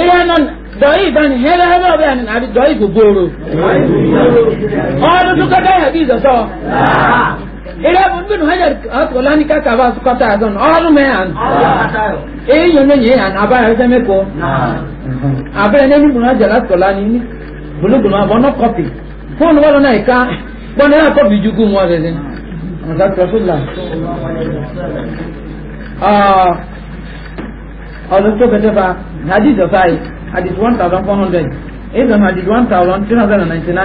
ilé náà dọ̀yì ìdánì hẹ́rẹ́ hẹ́rẹ́ ọ̀bẹ àná àbí dọ̀yì gbogbooro ọ̀rọ̀ tó kọ́kọ́ hadith sọ ilé bínú hajar ọ̀tọ̀lá ní káka bá sọ́kọ́tà àdán ọ̀rọ̀ mẹ́hàn èyí yóò ní yẹn àná abáyọ̀ ẹ̀sẹ̀ mẹ́kọ́ abẹ́rẹ́ ní bínú hajar ọ̀tọ̀lá ní gbólógbòló àbọ̀ ọ̀nà kọ́pì fóònù wọn lọ náà ìka gbọ́n náà kọ́pì ju gún wọn lẹ́sìn ọ̀dà tó ọdún tó bẹ̀tẹ̀ fa hadith of i hadith one thousand حديث 1399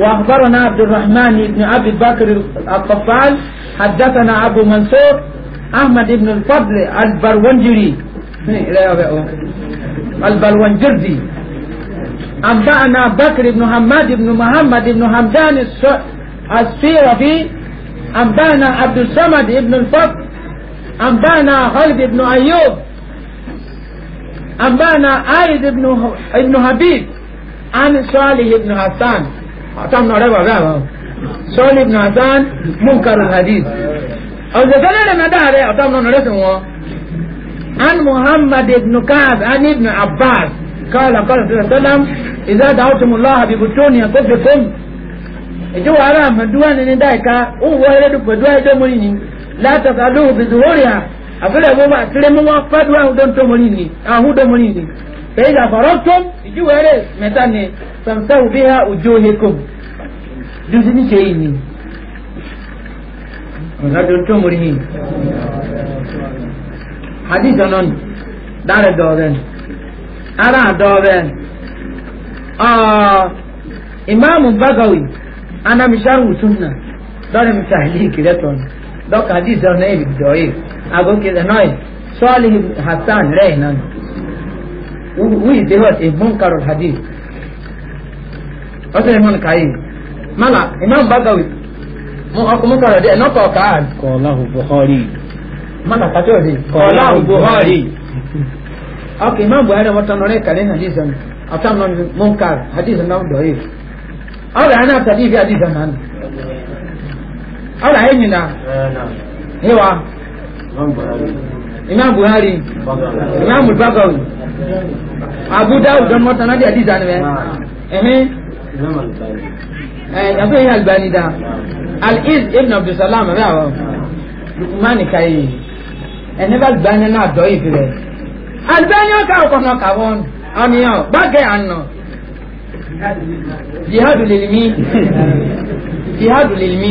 وأخبرنا عبد الرحمن بن أبي بكر الطفال حدثنا أبو منصور أحمد بن الفضل البرونجري البرونجردي أنبأنا بكر بن محمد بن محمد بن حمدان السيرفي أنبأنا عبد الصمد بن الفضل أنبأنا خالد بن أيوب أنبانا عايد ابن ابن حبيب عن صالح ابن حسان أعطاهم نعرفها بقى صالح ابن حسان منكر الحديث أو إذا كان لنا ده أعطاهم نعرفها عن محمد بن كعب عن ابن عباس قال قال صلى الله عليه وسلم إذا دعوتم الله ببطون يقفكم ìjọba ara àmàdúrà nínú dáìka ó wọ ẹlẹ́dùpẹ̀dúrà ẹjọ́ لا ni látàkàlóhùn abẹ́rẹ́ mo máa kéré mo máa fẹ́dúrà ọdún tó mo ní ni ahun tó mo ní ni fẹ́yìí àfọ̀rọ̀ tó ìjúwẹ̀rẹ̀ mẹ́ta ni sàmsẹ́ òbí ha òjò heko dúdú ní ṣe yìí ni ọdún tó mo ní ni hadith ọ̀nà ni dáre dọ̀ọ̀rẹ́ ni ara dọ̀ọ̀rẹ́ ni ah, imaamu bagawi anamisharu sunna dọ́rẹ́ mi sàlẹ̀ donc hadith on est victorieux ago ke no salih hasan rehnan oui de what e bon karo hadith ose e mon kai mala imam bagawi mo ako mo karo de e no to ka ko allah bukhari mala ka de ko allah bukhari ok imam buhari mo tan re kare hadith on atam non mon kar hadith on e ala ana tadi fi hadith awla hay nyina hewa eh, imam buhari imam bagawi abu dawud don mota na di hadith an me ehe eh abu albani da ah. al iz ibn abdul salam rawa ah. mani kai ẹnẹba gbani náà dọ yìí rẹ albani ọkà ọkọọnà kàwọn ọnìyàn bàgẹ àná jihadu lèmi <laughs> jihadu lèmi.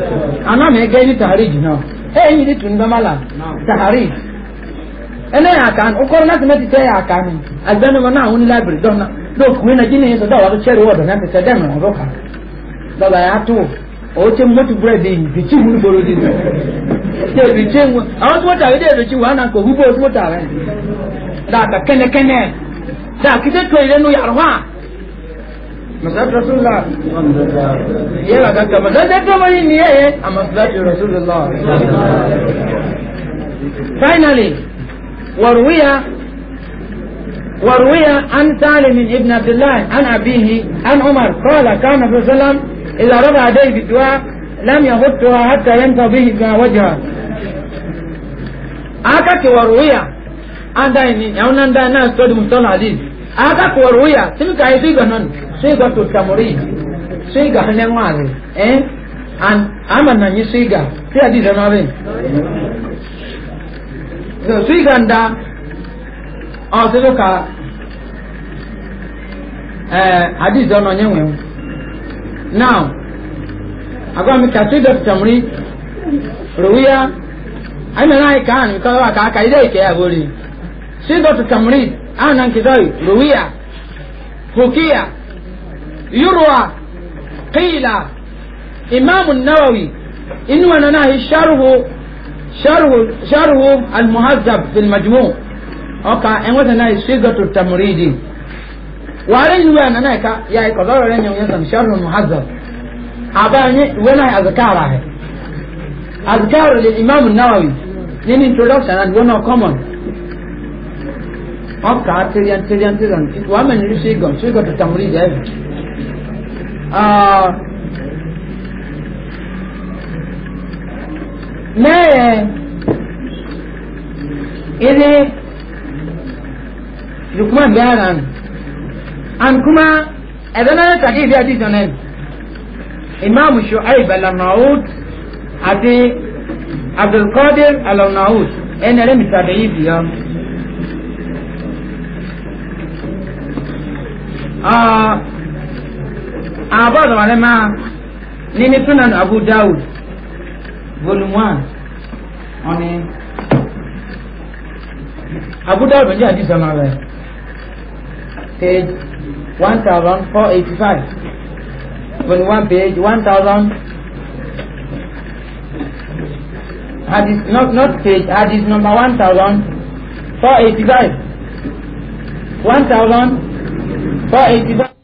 ana m ege ni taharij no e nyiri tun da mala Tahari. ene ya kan o na ti te ya kan albano na un library don na do na jini so da chere wa na te dem na roka da ya atụ. Oche che motu bread in bi boro di de bi che mu to ta de bi chi wa na ko hu bo kene kene da ya مسألة رسول الله يلا ده كما ده ده كما نية أما رسول الله finally وروي وروي عن سالم ابن عبد الله عن أبيه عن عمر قال كان النبي صلى الله عليه وسلم إذا رفع يديه في الدعاء لم يغطها حتى ينفى به ما وجهه أكاك وروي عن دايني يونا داينا استودي مستوى العزيز أكاك وروي سمك عيسيك swiga to tamuri swiga hane mwazi eh an ama na nyi swiga pia adi zama bin so swiga nda ọsịrị ka ee hadith ọnụ onye nwe now agwa m ka swiga to tamuri ruwiya anyị mere anyị ka anyị kọrọ ka aka ide ike ya bụrụ swiga to tamuri ana nkịta ruwiya hukiya يروى قيل إمام النووي إن ونناه شره شره شره المهذب في المجموع أوكا إن ونناه صيغة التمريد وعليه ونناه كا يا إكذار لن ونناه شره المهذب أباني ونناه أذكاره أذكار للإمام النووي لين introduction and one of common أوكا تريان تريان تريان ومن يشيغون صيغة التمريد هذه Ah, mẹ́rẹ̀ ilé lukman biaran and kuma ẹ̀dọ́nà tàbí ìdí àti ìjọ̀nà imam shu'aib al-naud àti abdulkadir al-naud ẹni ẹ̀rẹ́ mi tàbí ìdí yọ. Uh, ah, àbọ̀ ọ̀dọ̀ rẹ̀ máa ní sunan abu dawud volume one ọ̀ni abu dawud ọjọ́ àdìsọ náà rẹ̀ page one thousand four eighty five volume one page one thousand hadith not not page hadith number one thousand four eighty five one thousand four eighty five.